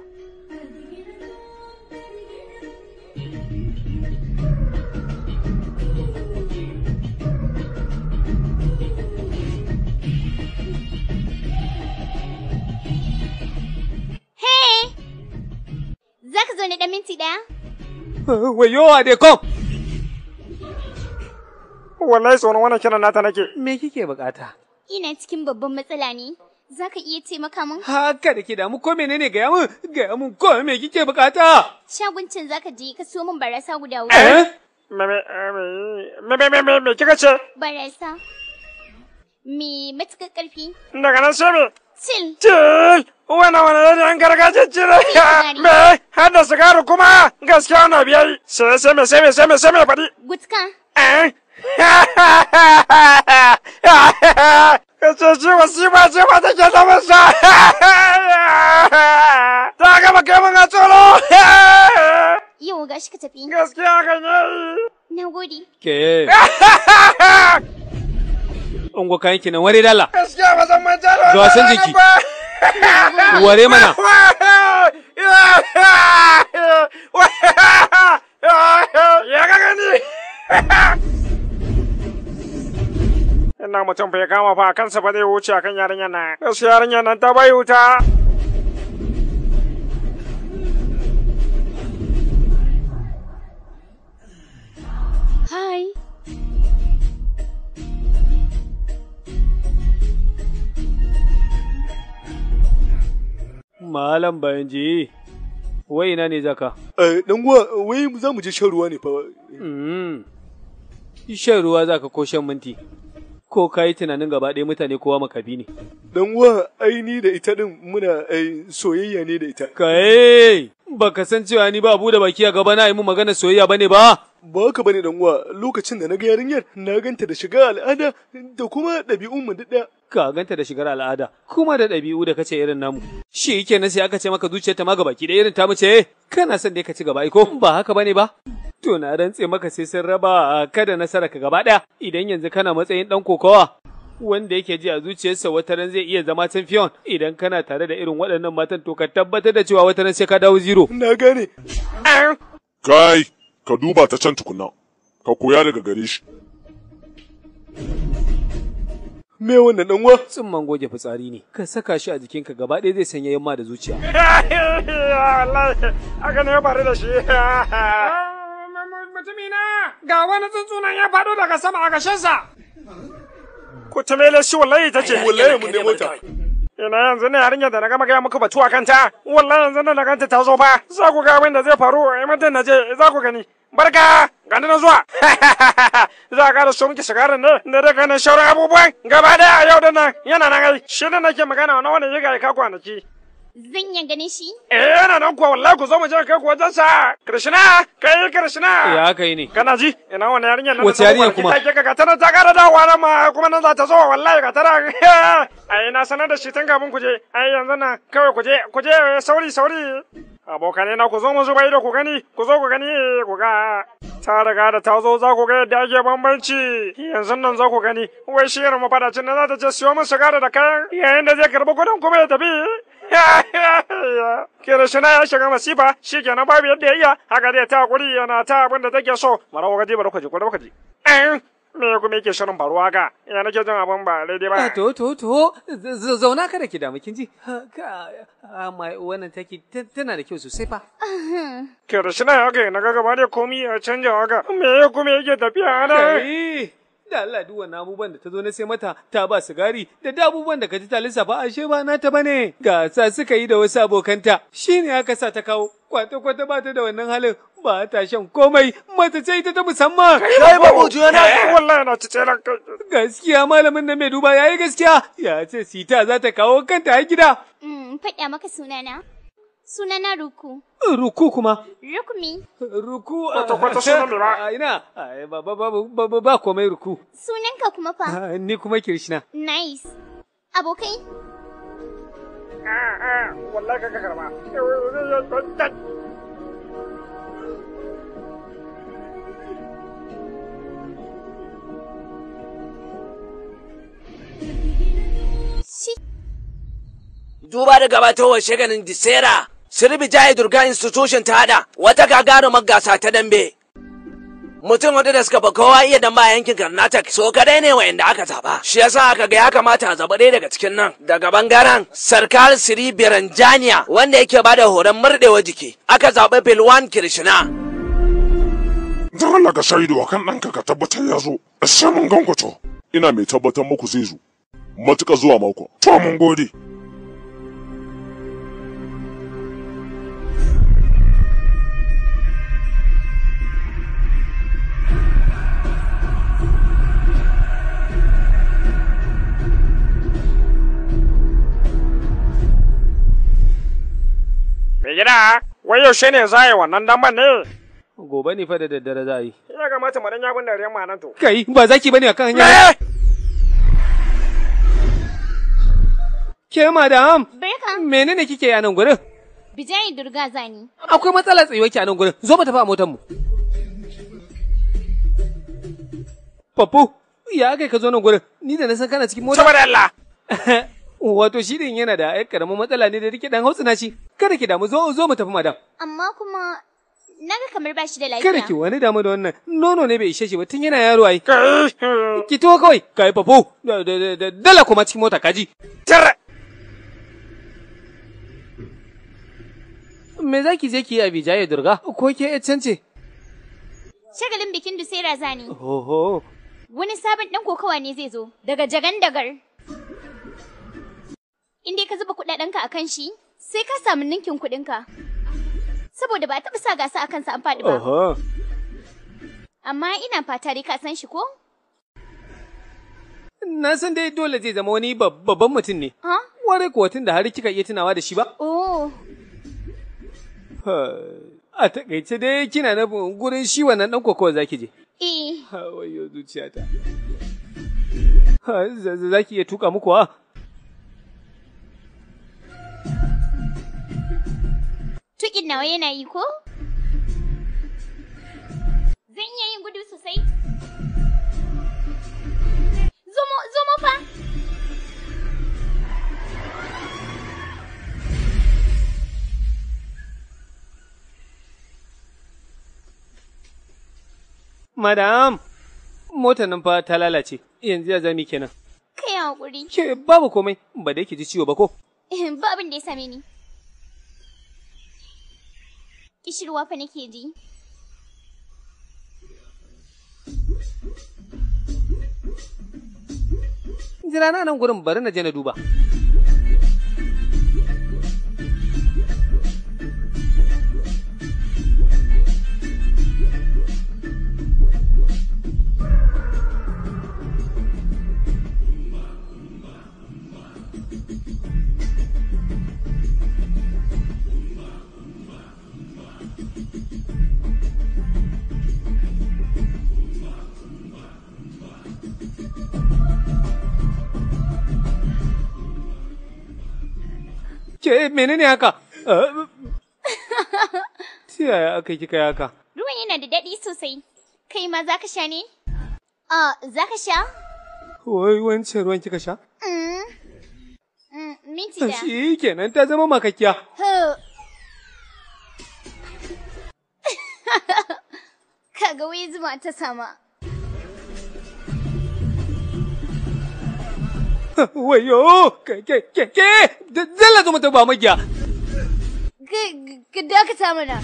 Hey! Za ka zo ne ɗan minti ɗaya? <laughs> Wai dai kom! Wallahi tsoron wannan kiran nata nake. Me kike bukata? Ina cikin babban matsala ne. Za ka iya taimaka min? Haka da ke damu ko menene gaya min? Gaya min ko me kike bukata? Shagon za ka je ka siyo min barasa guda uku. Eh? Me me me me me kika ce? Barasa. Me matuƙar ƙarfi. Daga nan sai me? Cil. Cil. Wannan wani dadin gargajiyar me har da sigari kuma gaskiya na biyar. Sai sai mai sai mai sai mai sai me faɗi. Gutka. Eh. Kace shi wasiba ce ba take da masa. <laughs> Ta gama kai mun a tsoro. <laughs> Yau gashi ka tafi. Gaskiya kan yi. Na gode. Ke. <laughs> tsango kayan kenan ware dala gaskiya ba zan manta da Ga san jiki ware mana ya ga gani ina mutum bai kama fa kansa ba zai wuce akan yarinya na gaskiya yarinya nan ta bai wuta Hi. Malam Banji, wai ina ne zaka? Ɗan eh, uwa, wai za mu je shan ruwa ne fa. Hmm. Shan ruwa zaka ko shan minti? Ko ka yi tunanin gaba ɗaya mutane kowa makabi ne? Ɗan uwa, ai ni da ita ɗin muna eh, soyayya ne da ita. Kai, baka san cewa ni ba abu da baki a gaba na yi mu magana soyayya bane ba? ba ka bane dan uwa lokacin da na ga yarinyar na ganta da shigar al'ada da kuma ɗabi'un mu duk ka ganta da shigar al'ada kuma da ɗabi'u da kace irin namu shi yake na sai aka ce maka zuciyarta ma gabaki da irin ta mace kana son da ka ci gaba ko ba haka bane ba to na rantse maka sai sun raba kada nasara ka gaba daya idan yanzu kana matsayin dan kokowa wanda yake ji a zuciyarsa wata ran zai iya zama champion idan kana tare da irin waɗannan matan to ka tabbatar da cewa wata ran sai ka dawo zero na gane kai ka duba ta can tukuna, ka koya daga gare shi. Me wannan ɗan tsin mango goge fitsari ne, ka saka shi a jikinka gaba ɗaya zai sanya yamma da zuciya. <laughs> Haka ne ya faru da shi. Mutumina, ga wani tsuntsunan ya faɗo daga sama a gashinsa. Ku tamele shi wallahi ta ce. Wallahi mun nemo ta. Ina yanzu ne yarinyar da na gama gaya muku batu a kanta, wallahi yanzu nan na kanta ta zo fa, za ku ga abin da zai faru a mutum na je, za ku gani. Barka, gani na zuwa. <laughs> Za ka da su miki sigarin ne, da daga nan shauran abubuwan gaba daya a yau da nan yana nan ai. Shi ne nake magana wani wani ya ga ka kwanaki. Zan iya ganin shi? Eh yana nan kuwa wallahi ku zo mu je kai ku wajen sa. Krishna, kai Krishna. Ya kai ne. Kana ji? Ina wannan yarinya nan. Wace yarinya kuma? Kai ka tana ta da dawowa nan ma kuma nan za ta zo wallahi ka tara. <laughs> Ai na sanar da shi tun kafin ku je. Ai yanzu nan kawai ku je ku je eh, sauri sauri. Abokane na ku zo mu zuba ido ku gani, ku zo ku gani ku ga. Ta riga da ta zo za ku ga yadda ake bambanci. Yanzu nan za ku gani, wai shi yana mafadacin nan za ta ce siyo min sigara da kayan yayin da zai karɓi kuɗin kuma ya tafi. da shi na ya shiga masifa shi ke na babu yadda ya iya haka zai ta hakuri yana ta abin da take so mara wakaji bari kwaji kwaji kwaji. Eh, lokaci. Me kuma yake shirin faruwa ga ina nake jin abin ba daidai ba. Ah, to to to zauna kada ki damu kin ji. Amma wannan take tana da kyau sosai fa. da shi na ya ga na gaba da komi a canja haka me ya kuma yake tafiya ana. da Allah duk wani abubuwan da ta zo na sai mata ta ba sigari da da abubuwan da ka ji ta lissafa she ba nata bane ga sa suka yi da wasu abokanta shine aka sa ta kawo kwata kwata ba ta da wannan halin ba ta shan komai mata ce ita ta musamman kai ba buju yana wallahi na ci tsara gaskiya malamin nan mai duba yayi gaskiya ya ce sita za ta kawo kanta a gida mm, faɗa maka sunana Sunana Ruku. Ruku kuma? Rukmi. Ruku. Kwata-kwata sunan lura. Ina, ba, ba, komai Ruku. Sunanka kuma fa? Ni kuma Kirishina. Nice. Abokai? Eh, eh, Duba da gabatowar shaganin Disera. sirbi Jai durga institution ta hada wata gagarumar gasa ta dambe mutum wanda da suka ba kowa iya dan ba yankin Karnataka so kadai ne wayanda aka zaba shi yasa aka ga ya kamata a zaba dai daga cikin nan daga bangaren Sarkar Sri Biranjaniya wanda yake ba da horon murdewa jiki aka zaɓi Filwan Kirishina Dole ka shaidu kan ɗanka ka tabbatar ya zo sai mun ganku ina mai tabbatar muku zai zo matuƙa zuwa mako to mun gode Me gida, wai yaushe ne za a yi wannan damban ne? Gobe ne fa da daddare za a yi. Ya ga mata dan yagun da riyan ma nan to. Kai, ba zaki bane akan hanya. Ke madam? Barkan. Menene kike yi a nan gurin? Bijayi Durga zani. Akwai matsala tsayuwa ki a nan gurin. Zo mu tafi a motar mu. Papu, ya kai ka zo nan gurin? Ni da na san kana cikin mota. Allah. <laughs> Wato shi din yana da ƴar karamin matsala ne da rike dan na shi. Kada ki damu zo zo mu tafi madam. Amma kuma naga kamar ba shi da lafiya. Kada ki wani damu da wannan nono ne bai ishe shi ba tun yana yaro ai. Ki to kawai ka yi fafo dala kuma cikin mota kaji. Tara. Me za ki je ki yi a ya Durga? Ko ke ya cance? Shagalin bikin Dusaira zani. Oho. Wani sabon ɗan kokawa ne zai zo daga jagan dagar. In dai ka zuba kuɗaɗenka a kan shi, sai ka samu ninkin kuɗinka. Saboda ba a taɓa sa gasa a kansa an faɗi ba. Amma ina fata dai ka san shi ko? Na san dai dole zai zama wani babban mutum ne. Warai kuwa tun da har kika iya tunawa da shi ba? Oh. A takaice dai kina na gurin shi wannan ɗan kokowa za ki je. Eh. Wayo zuciyata. Za ki iya tuka muku ha? Tukin nawa yana yi ko? Zan iya yin gudu sosai? Zomo, zomo fa! Madam, motar nan fa ta lalace, yanzu ya zami kenan. Kai haƙuri. Ke babu komai, ba da ki ji ciwo ba ko? <laughs> Babin da ya same ni. Kishirwa fa nake ji. Jira na nan gurin bari na je na duba. Ke menene haka? Eh, ta yaya aka yi kika haka? Ruwan yana da daɗi sosai. Kai ma za ka sha ne? Ah, za ka sha? Wai wancan ruwan kika sha? Mm. Mm, minti da. Shi kenan ta zama makakkiya. <laughs> Kaga wai zuma ta sama. <laughs> wayo ke ke ke ke zalla zo mata ba magiya ki dakata mana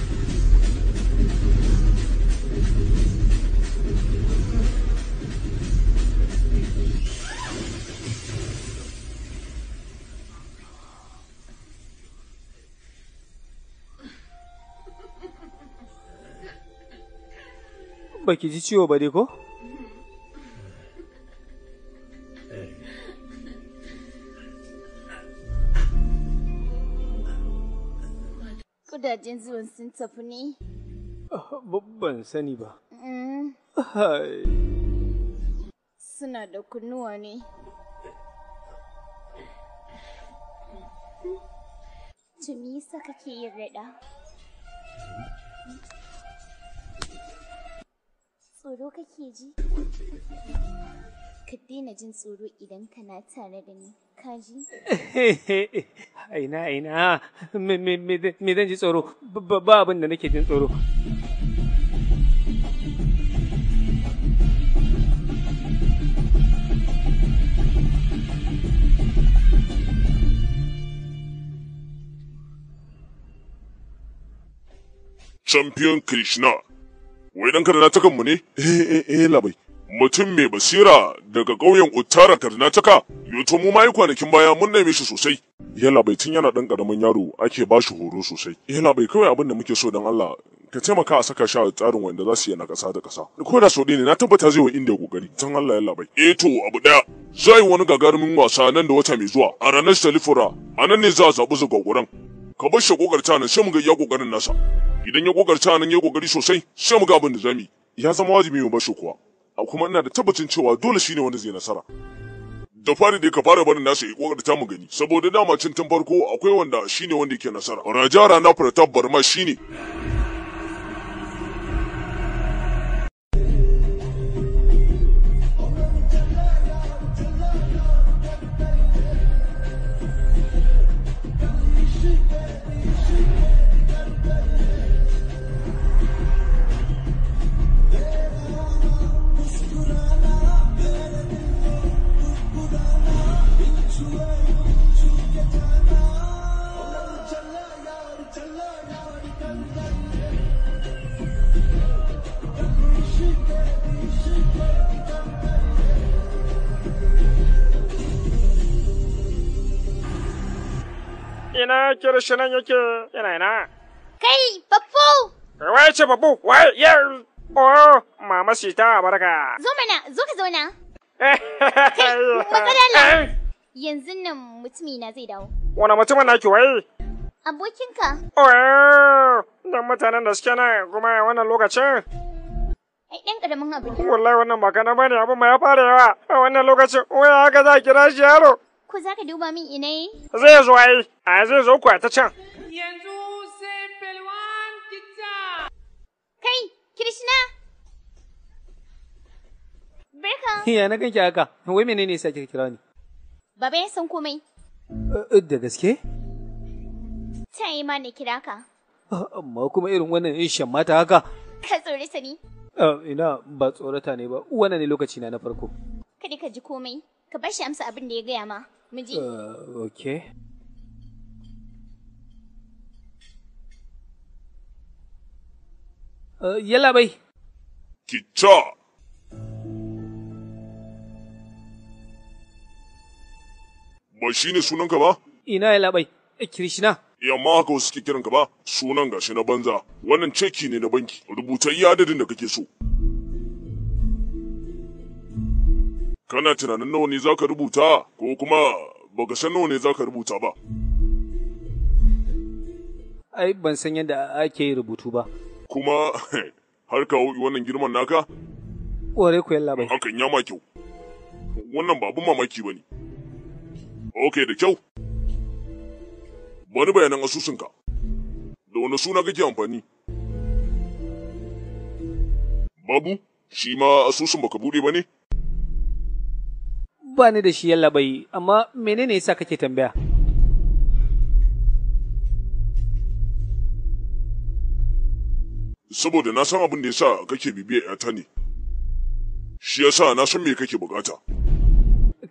Baki ji ciwo ba dai ko? gidajen zuwan sun tafi ne? babban sani ba. Mm. Suna da kunnuwa ne. tuni yasa kake yin raɗa? Tsoro kake ji? Ka daina jin tsoro idan kana tare da ni, kaji? <laughs> Aina, aina, me zan ji tsoro, ba abin da nake jin tsoro. Champion Krishna, wai ɗan kada na takanmu ne? Eh, eh, eh, labai. mutum mai basira daga ƙauyen Uttara Karnataka, yato mu ma yi kwanakin baya mun neme shi sosai. Yala bai tun yana ɗan ƙaramin yaro ake ba shi horo sosai. Yala bai kawai abin da muke so don Allah ka taimaka a saka shi a tsarin wanda za su yi na ƙasa da ƙasa. Ko da sau ne na tabbata zai wa inda ƙoƙari. don Allah yala bai. E to abu ɗaya za yi wani gagarumin wasa nan da wata mai zuwa a ranar Salifura a nan ne za a zaɓi zagwagwaran. Ka bar shi kokarta nan sai mu ga iya kokarin nasa. Idan ya kokarta nan ya kokari sosai sai mu ga abin da zamu yi. Ya zama wajibi mu bar shi kuwa. kuma ina da tabbacin cewa dole shine wanda zai nasara da fari dai ka fara barin nasu iko ta mu gani saboda dama cin tun farko akwai wanda shine wanda yake nasara raja rana fara tabbar ma shine da shi nan yake yana yana. Kai, babu! Wai ce babu, wai yar Oh, mama sita barka. Zo mana, zo ka zauna. <laughs> Matsala Yanzu nan mutumi na zai dawo. Wani mutumin na ki, wai? Abokinka. Oh, dan mutanen da suke nan kuma wannan lokacin. Ai ɗan ƙaramin abin. Wallahi wannan ba kana bane abin ma ya fara yawa. A wannan lokacin, wai haka za a kira shi yaro. ko za ka duba min ina yi? Zai zo yi, a zai zo a ta can. Yanzu sai Pelwan Kita. Kai, Krishna! Barkan. Ya na ganki haka, wai menene sa kika kira ni? Baba ya san komai. Da gaske? Ta yi ma na kira ka. Amma kuma irin wannan shan mata haka. Ka tsori sani. Ina ba tsorata ne ba, wannan ne lokaci na na farko. Kada ka ji komai, ka bashi amsa abin da ya gaya ma. Me dis. Euh, ok. Uh, yalla bai. Kitta. Ba shi ne sunanka ba? Ina yalla bai. Eh, Kirishina. Yamma haka wasu suke ka ba, sunan gashi na banza. Wannan ceki ne na banki, rubuta iya adadin da kake so. kana tunanin nawa ne za ka rubuta ko kuma baka san nawa ne za ka rubuta ba. Ai, ban san yadda ake rubutu ba. Kuma <laughs> har kawo wannan girman naka? Ware ku yalla bai. Hakan ya maki Wannan Wannan babu mamaki ba ne. Ok, da kyau. Bani bayanan asusunka. Da wani suna kake amfani? Babu, shi ma asusun baka buɗe ba ne? ba ni da shi yallaɓai, amma menene yasa kake tambaya? Saboda na san abin da yasa kake bibiya ‘yata ne, shi yasa na san me kake bukata.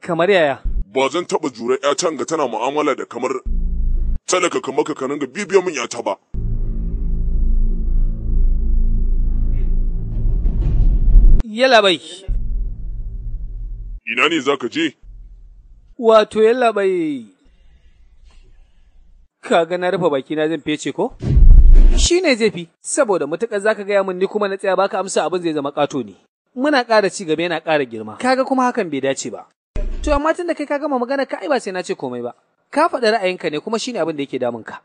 Kamar yaya? Ba zan taɓa jura ‘yata ga tana mu'amala da kamar talaka kamar ka kanin ga bibiya min ‘yata ba. bai, Ina ne za ka je? Wato yalla bai ga na rufe bakina zan fece ko? Shi ne zai fi, saboda matuƙar za ka gaya min ni kuma na tsaya baka amsa abin zai zama ƙato ne. Muna ƙara ci gaba yana ƙara girma, kaga kuma hakan bai dace ba. To amma tun da kai ka gama magana ka ba sai na ce komai ba. Ka faɗi ra'ayinka ne kuma shine abin da yake damun ka.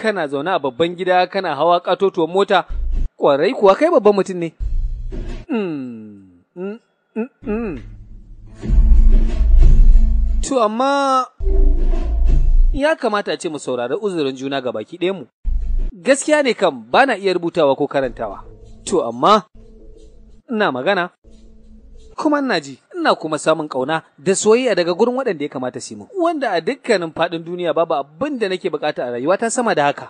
Kana zaune a babban gida kana hawa ƙatotuwar mota, ƙwarai kuwa kai babban mutum ne. Mm, mm, mm, mm. To amma ya kamata ce mu saurari uzurin juna ga baki mu. Gaskiya ne kam ba na iya rubutawa ko karantawa. To amma ina magana kuma ina ji ina kuma samun ƙauna da soyayya daga gurin waɗanda ya kamata su mu. Wanda a dukkanin faɗin duniya babu abin da nake bukata a rayuwa ta sama da haka.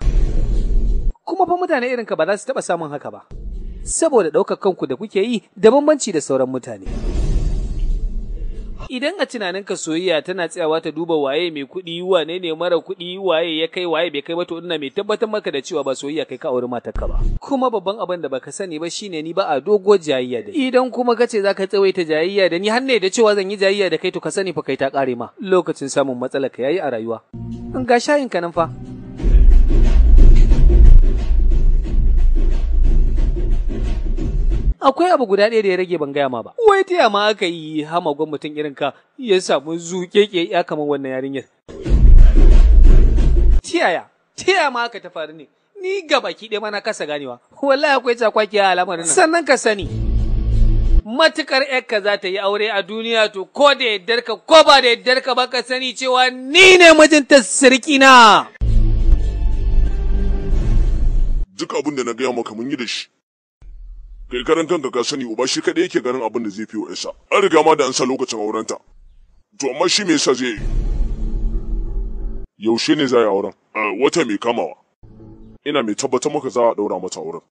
Kuma fa mutane irin ka ba za su taɓa samun haka ba. Saboda ɗaukar kanku da kuke yi da bambanci da sauran mutane. Idan a tunanin ka soyayya tana tsayawa ta duba waye mai kuɗi wane ne mara kuɗi waye ya kai waye bai kai ba to ina mai tabbatar maka da cewa ba soyayya kai ka auri matarka ba. Kuma babban abin da baka sani ba shine ni ba a dogo jayayya da Idan kuma kace zaka tsawaita jayayya da ni har ne da cewa zan yi jayayya da kai to ka sani fa kai ta kare ma. Lokacin samun matsala ka yayi a rayuwa. Ga shayin ka nan fa. akwai abu guda ɗaya da ya rage ban gaya ma ba. Wai taya ma aka yi hamagon mutum irin ka ya samu ke ya kamar wannan yarinyar. Tiyaya, tiyaya ma aka ta faru ne, ni ga baki ɗaya mana kasa ganewa, wallahi akwai cakwaki a al'amarin nan. Sannan ka sani, matukar ‘yarka za ta yi aure a duniya to ko da yaddarka ko ba da yardarka ba ka sani cewa ni ne mijinta na. Duk abin da na gaya maka mun yi da shi. kai karan kanka ka sani uba shi kaɗai yake ganin abin da zai fi wa an riga ma da an sa lokacin aurenta to amma shi me yasa zai yi yaushe ne za yi auren wata mai kamawa ina mai tabbatar maka za a ɗaura mata auren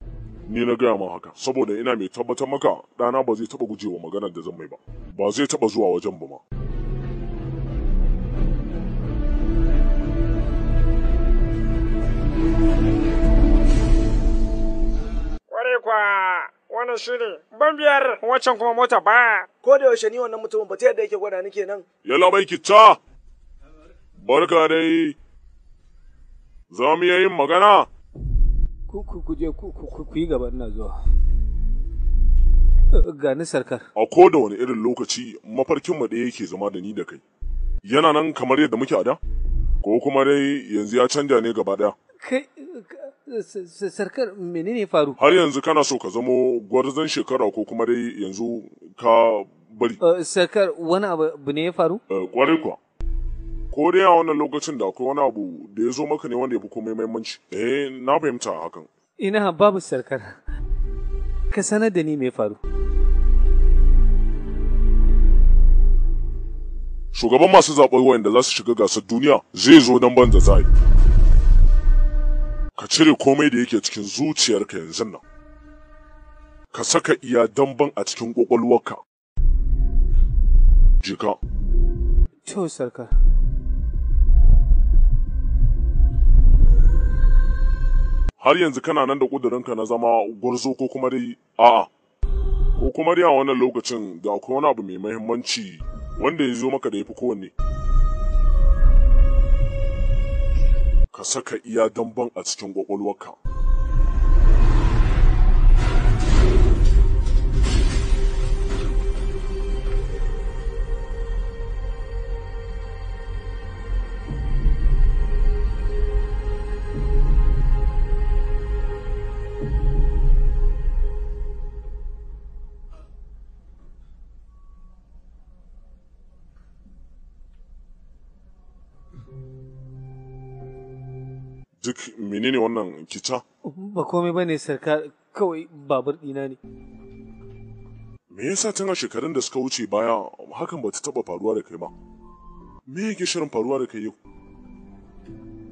ni na gaya ma haka saboda ina mai tabbatar maka ɗana ba zai taɓa gujewa maganar da zan mai ba ba zai taɓa zuwa wajen ba ma Kwarai wannan ne. ban biyar wancan kuma mota ba. Ko da yaushe ni wannan mutumin ba ta yadda yake gwada ni kenan. Yalla bai ta Barka dai. Za mu iya yin magana? Ku ku ku je ku ku ku yi gaba ina zuwa. Ga ni sarkar. A ko da wani irin lokaci mafarkin mu ɗaya yake zama da ni da kai. Yana nan kamar yadda muke a da? Ko kuma dai yanzu ya canja ne gaba daya Kai sarkar menene faru har yanzu kana so ka zamo gwarzon shekara ko kuma dai yanzu ka bari eh, sarkar wani abu ne ya faru eh, kwarai kuwa ko dai a wannan lokacin da akwai wani abu da ya zo maka ne wanda ya fi komai muhimmanci eh na fahimta hakan ina babu sarkar ka sanar da ni me faru shugaban masu zaɓar da za su shiga gasar duniya zai zo don banza zai ka cire komai da yake cikin zuciyarka yanzu nan ka saka iya damban a cikin ƙwaƙwalwarka. jika to sarka har yanzu kana nan da ƙudurinka na zama gurzo ko kuma dai a'a ko kuma dai a wannan lokacin da akwai wani abu mai muhimmanci, wanda ya zo maka da ya fi kowanne ka saka iya damban a cikin ƙwaƙwalwarka duk menene wannan kica? Ba komai ba ne sarka kawai babur ɗina ne. Me yasa sa a shekarun da suka wuce baya hakan ba ta taɓa faruwa da kai ba? Me yake shirin faruwa da kai yau?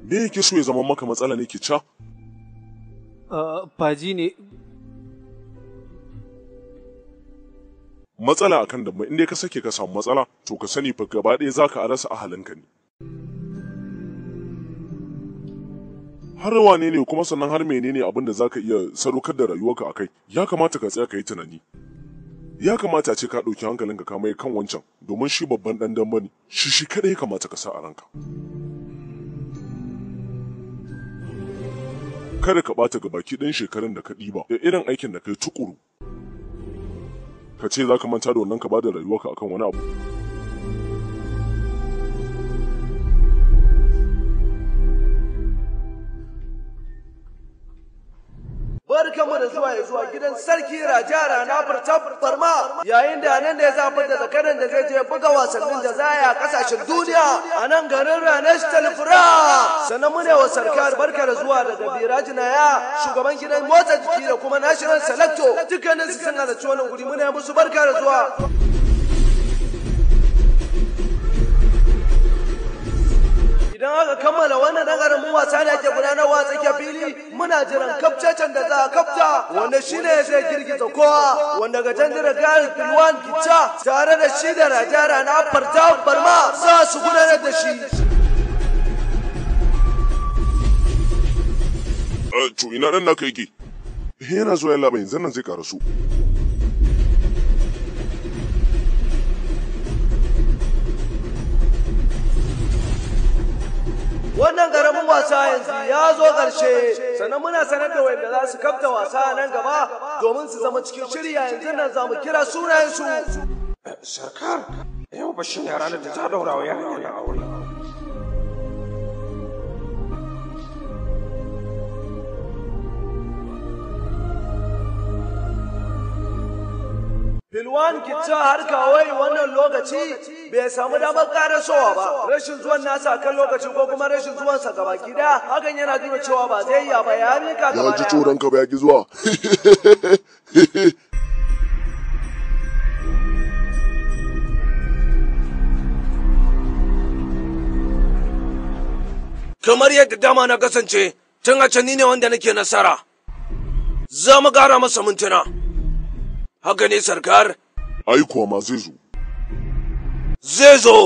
Me yake so ya zama maka matsala ne kica? Faji ne. Matsala akan dabba, inda ka sake ka samu matsala, to ka sani fa gaba ɗaya za ka rasa ahalinka ne. har wane ne kuma sannan har menene abin da zaka iya sadaukar da rayuwarka akai ya kamata ka tsaya ka yi tunani ya kamata ce ka ɗauki hankalinka ka mai kan wancan domin shi babban ɗan damba ne shi shi kaɗai kamata ka sa a ranka kada ka ɓata ga baki ɗin shekarun da ka ɗiba da irin aikin da kai tukuru ka ce za ka manta da wannan ka ba da rayuwarka akan wani abu mu da zuwa ya zuwa gidan sarki raja rana furta farma yayin da nan da ya zafi da zakaran da zai je buga wasannin da za a kasashen duniya a nan garin ranar talfura sannan mune wa sarkar barka da zuwa daga biraji na ya shugaban gidan motsa jiki da kuma national salakto dukkanin su sun halarci wannan guri mune musu barka da zuwa. idan aka kammala wannan nagarin wasa da ake wa tsakiyar fili muna jiran kafcecen da za a kafta wanda ne zai girgiza kowa wanda ga jandira gari filwan gica tare da shi da rajara na farta barma za su gudanar da shi Cuyi eh, na ɗan na kai ki. Yana zuwa yalla bai zan nan zai karasu. wannan garamin wasa yanzu ya zo ƙarshe sannan muna sanar da wanda za su kafta wasa a nan gaba domin su zama cikin shirya yanzu nan za mu kira sunayensu. Eh, Sarkar, yau ba shi ne ranar da ta daura wa yarinya yana aure. Filwan kicca har kawai wannan lokaci bai samu damar karasowa ba, rashin zuwan nasa kan lokaci ko kuma rashin zuwansa gaba gida hakan yana nuna cewa ba zai iya ba ya mika gaba Ya ji tsoron ka ba ya ki zuwa. <laughs> Kamar yadda dama na kasance, tun a can ni ne wanda nake nasara. Za mu gara masa mintuna. haka ne sarkar? Ai ma zai zo. Zai zo!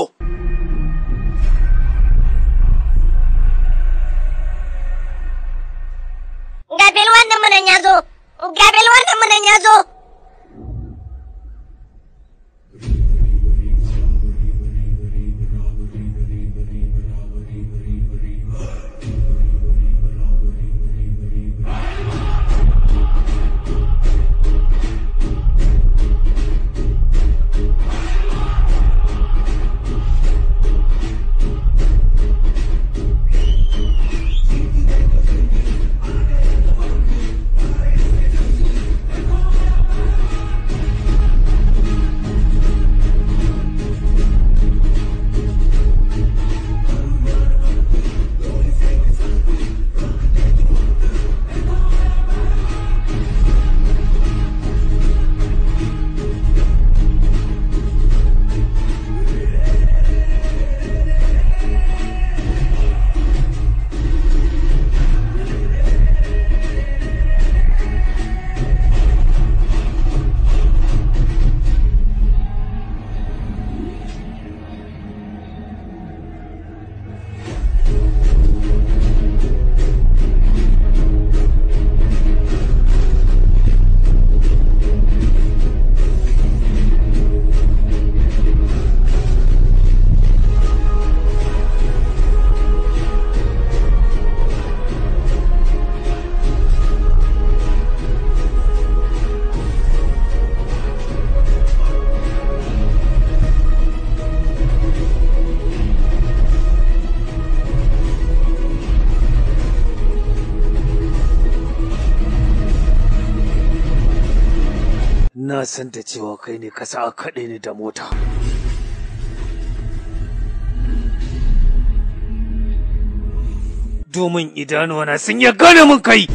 Gabriel wannan munan ya zo! Gabriel wannan munan ya zo! san da cewa kai ne ka sa kaɗe ni da mota. Domin na sun ya gane mun kai!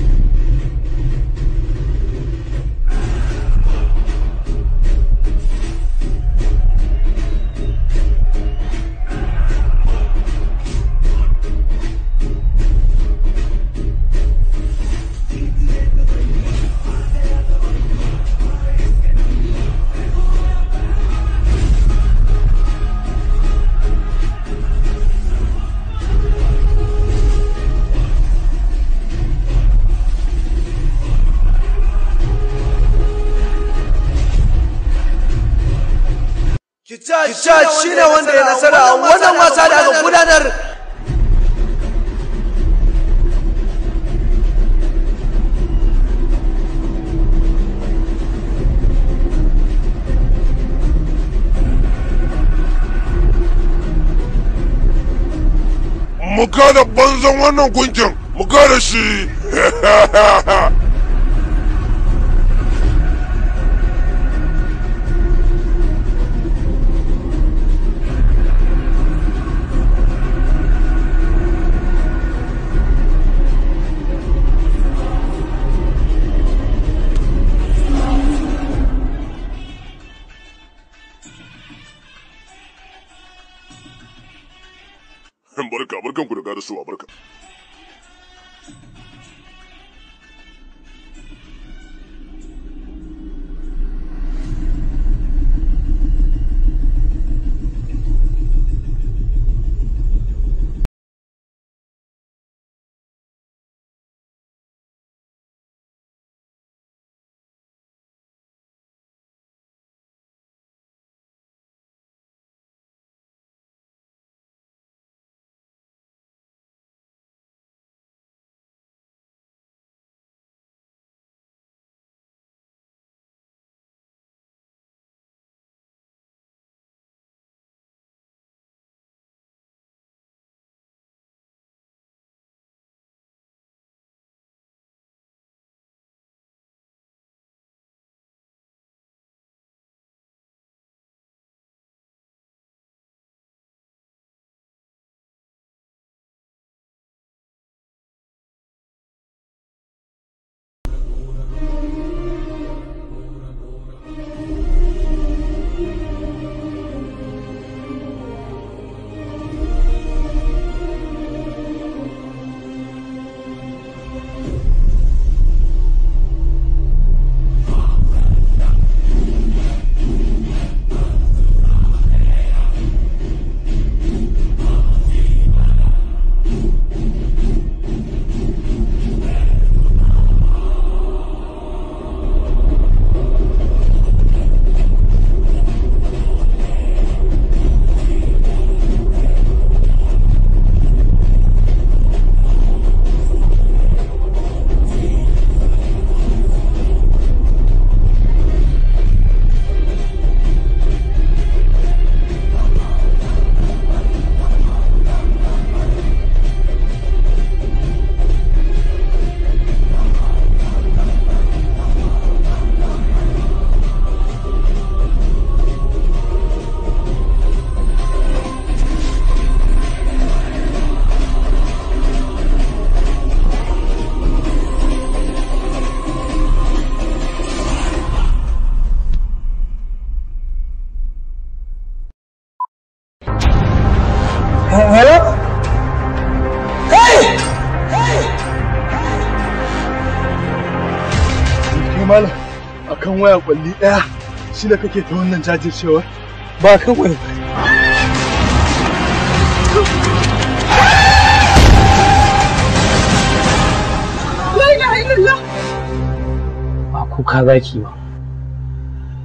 shi ne wanda ya nasara a wannan wasa da aka gudanar. Mu kada banzan wannan gunkin, mu kada shi. <laughs> waya kwalli ɗaya shi da kake ta wannan jajircewar ba kawai ba ba kuka za ki ba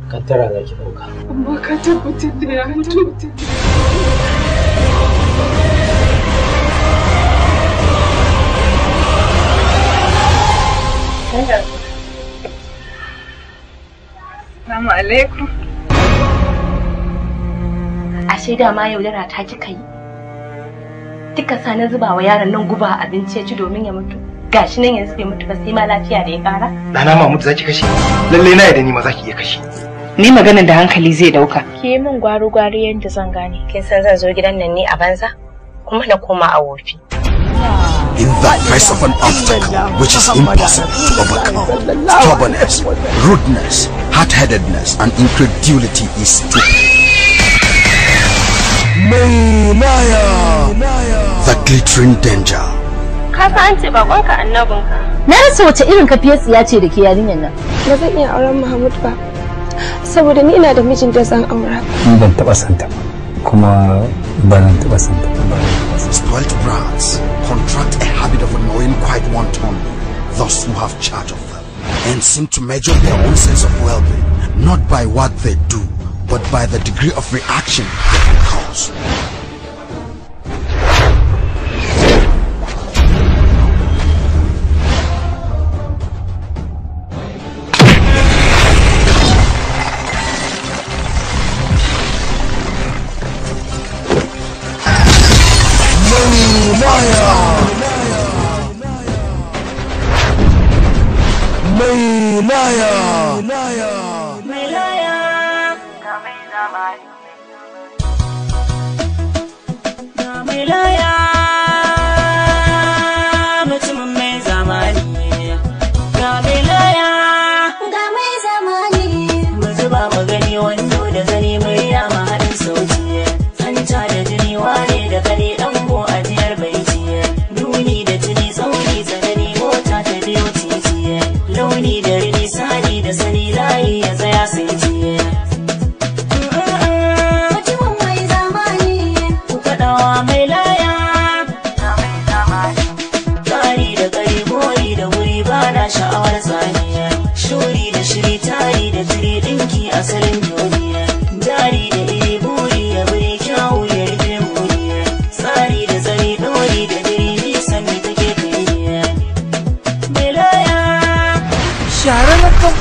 kantara za ki ɗauka amma ka tabbatar da ya mutu Thank ya. Assalamu alaikum. Ashe da ma yaudara ta kika yi. Tika sa na zuba wa yaron nan guba abinci ya ci domin ya mutu. Gashi nan yanzu bai mutu ba sai ma lafiya da ya kara. Dana mutu zaki kashe. Lalle na yadda ni ma zaki iya kashe. Ni maganin da hankali zai dauka. Ki yi min gwaro gwaro yadda zan gane. Kin san zan zo gidan nan ne a banza kuma na koma a wofi. in that face of an obstacle which is impossible to overcome. Stubbornness, rudeness, hard-headedness and incredulity is stupid. The glittering danger. Ka fa ce bakonka annabinka. Na rasa wace irin kafiyarsu ce da ke yarinyar nan. Ba zan iya auren Muhammad ba. Saboda ni ina da mijin da zan aura. Ni ban taba santa ba. Kuma ban taba santa ba. Spoiled brats contract a habit of annoying quite wantonly. Thus you have charge of and seem to measure their own sense of well-being not by what they do, but by the degree of reaction that they cause.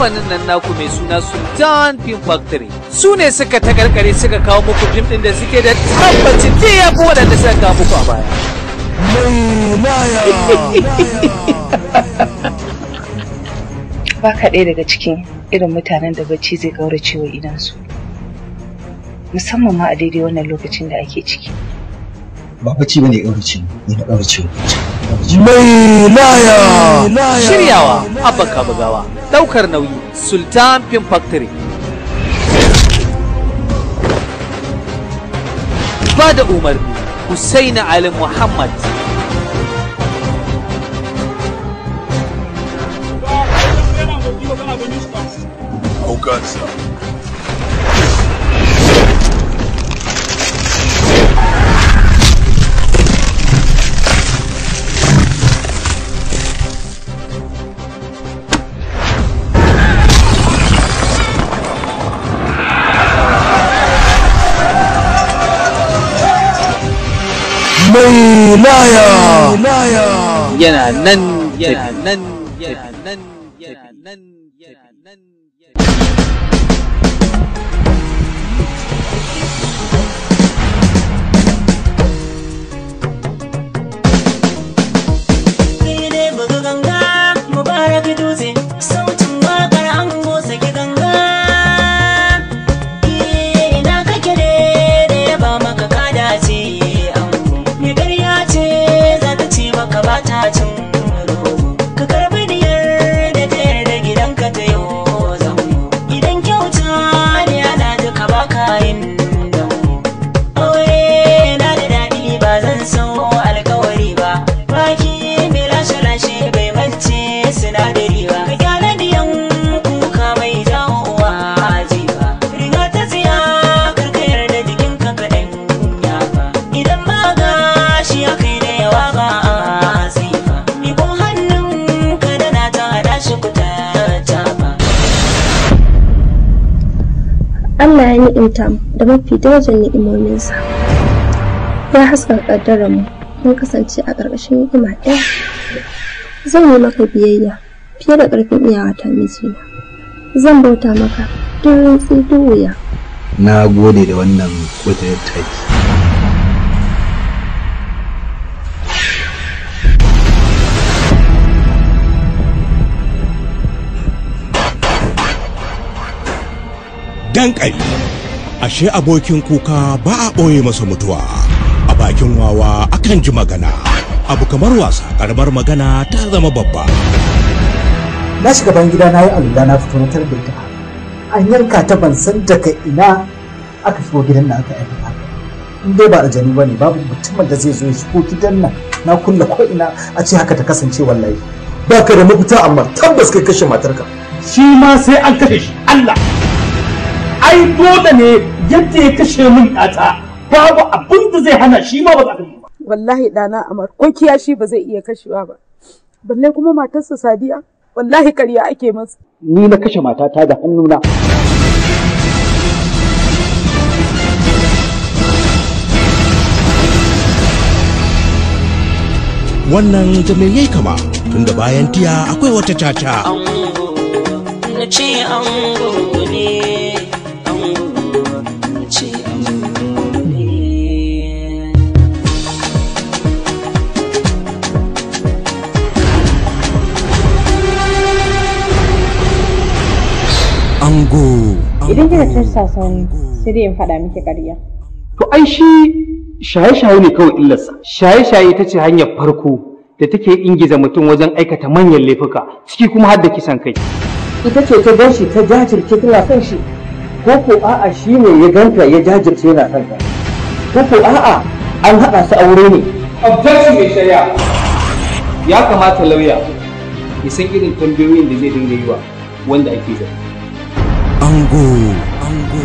kamfanin nan naku mai suna Sultan Film Factory. Su ne suka takarkare suka kawo muku fim ɗin da suke da tabbaci ta ya waɗanda suka kawo muku a baya. Ba ka ɗaya daga cikin irin mutanen da bacci zai kaurace wa idansu. Musamman ma a daidai wannan lokacin da ake ciki. Ba bacci bane kaurace ni na kaurace wa Mai laya! Shiryawa, abba ka bugawa. daukar nauyi sultan film factory bada umar umarni ali muhammad Oh, God, sir. wilaya yana nan yana nan darajar ni'imominsa ya haska ƙaddararmu mun kasance a ƙarƙashin hikima ɗaya zan yi maka biyayya fiye da ƙarfin iyawata mijina zan bauta maka don rantsi duk wuya na gode da wannan ƙudurin taki dankali ashe abokin kuka ba a ɓoye masa mutuwa a bakin wawa akan ji magana abu kamar wasa karamar magana ta zama babba na shiga ban gida na yi alula na fito na tarbe ta an yanka ta ban san daga ina aka shigo gidan na aka aika in dai ba a jani ba ne babu mutumin da zai zo ya shigo gidan nan na kulle ko ina a ce haka ta kasance wallahi ka da mafita amma tabbas kai kashe matarka shi ma sai an kashe shi Allah ai dole ne yadda ya kashe min ɗata babu abin da zai hana shi ma ba za ka ba. Wallahi ɗana Amar ko kiyashi ba zai iya kashewa ba. Balle kuma matarsa Sadiya wallahi karya ake masa. Ni na kashe matata da hannuna. Wannan da me yai kama tunda bayan tiya akwai wata caca. Ango, na ce ango ne. Ango. Idan kika tursasa ni, sai dai in faɗa miki ƙarya. To ai shi shaye-shaye ne kawai illarsa. Shaye-shaye ita ce hanyar farko da take ingiza mutum wajen aikata manyan laifuka, ciki kuma har da kisan kai. Ita ce ta gan shi ta jajirce tana kan shi, ko ko a'a shi ne ya ganta ya jajirce yana son ka ko ko a'a an haɗa su aure ne objection mai shari'a ya kamata lauya ya san irin tambayoyin da zai dinga yi wa wanda ake zai ango ango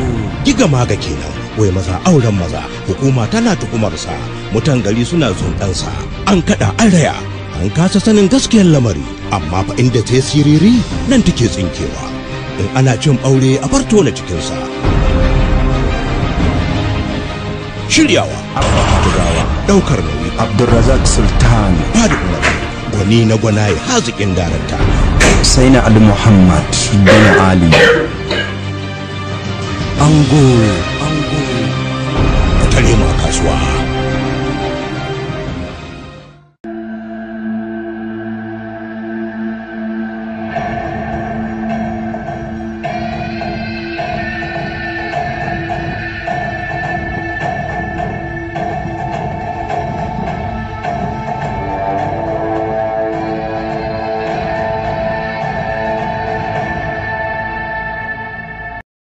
giga maga kenan wai maza auren maza hukuma tana tukumarsa mutan gari suna sa an kaɗa an raya an kasa sanin gaskiyar lamari amma fa inda ta siriri nan take tsinkewa in ana cin aure a farto na cikinsa shiryawa turawa ɗaukar nauyi abdulrazak sultan ba umarni gwani na gwanaye haziƙin daranta sai na ali muhammad bin ali ango ango ka tare kasuwa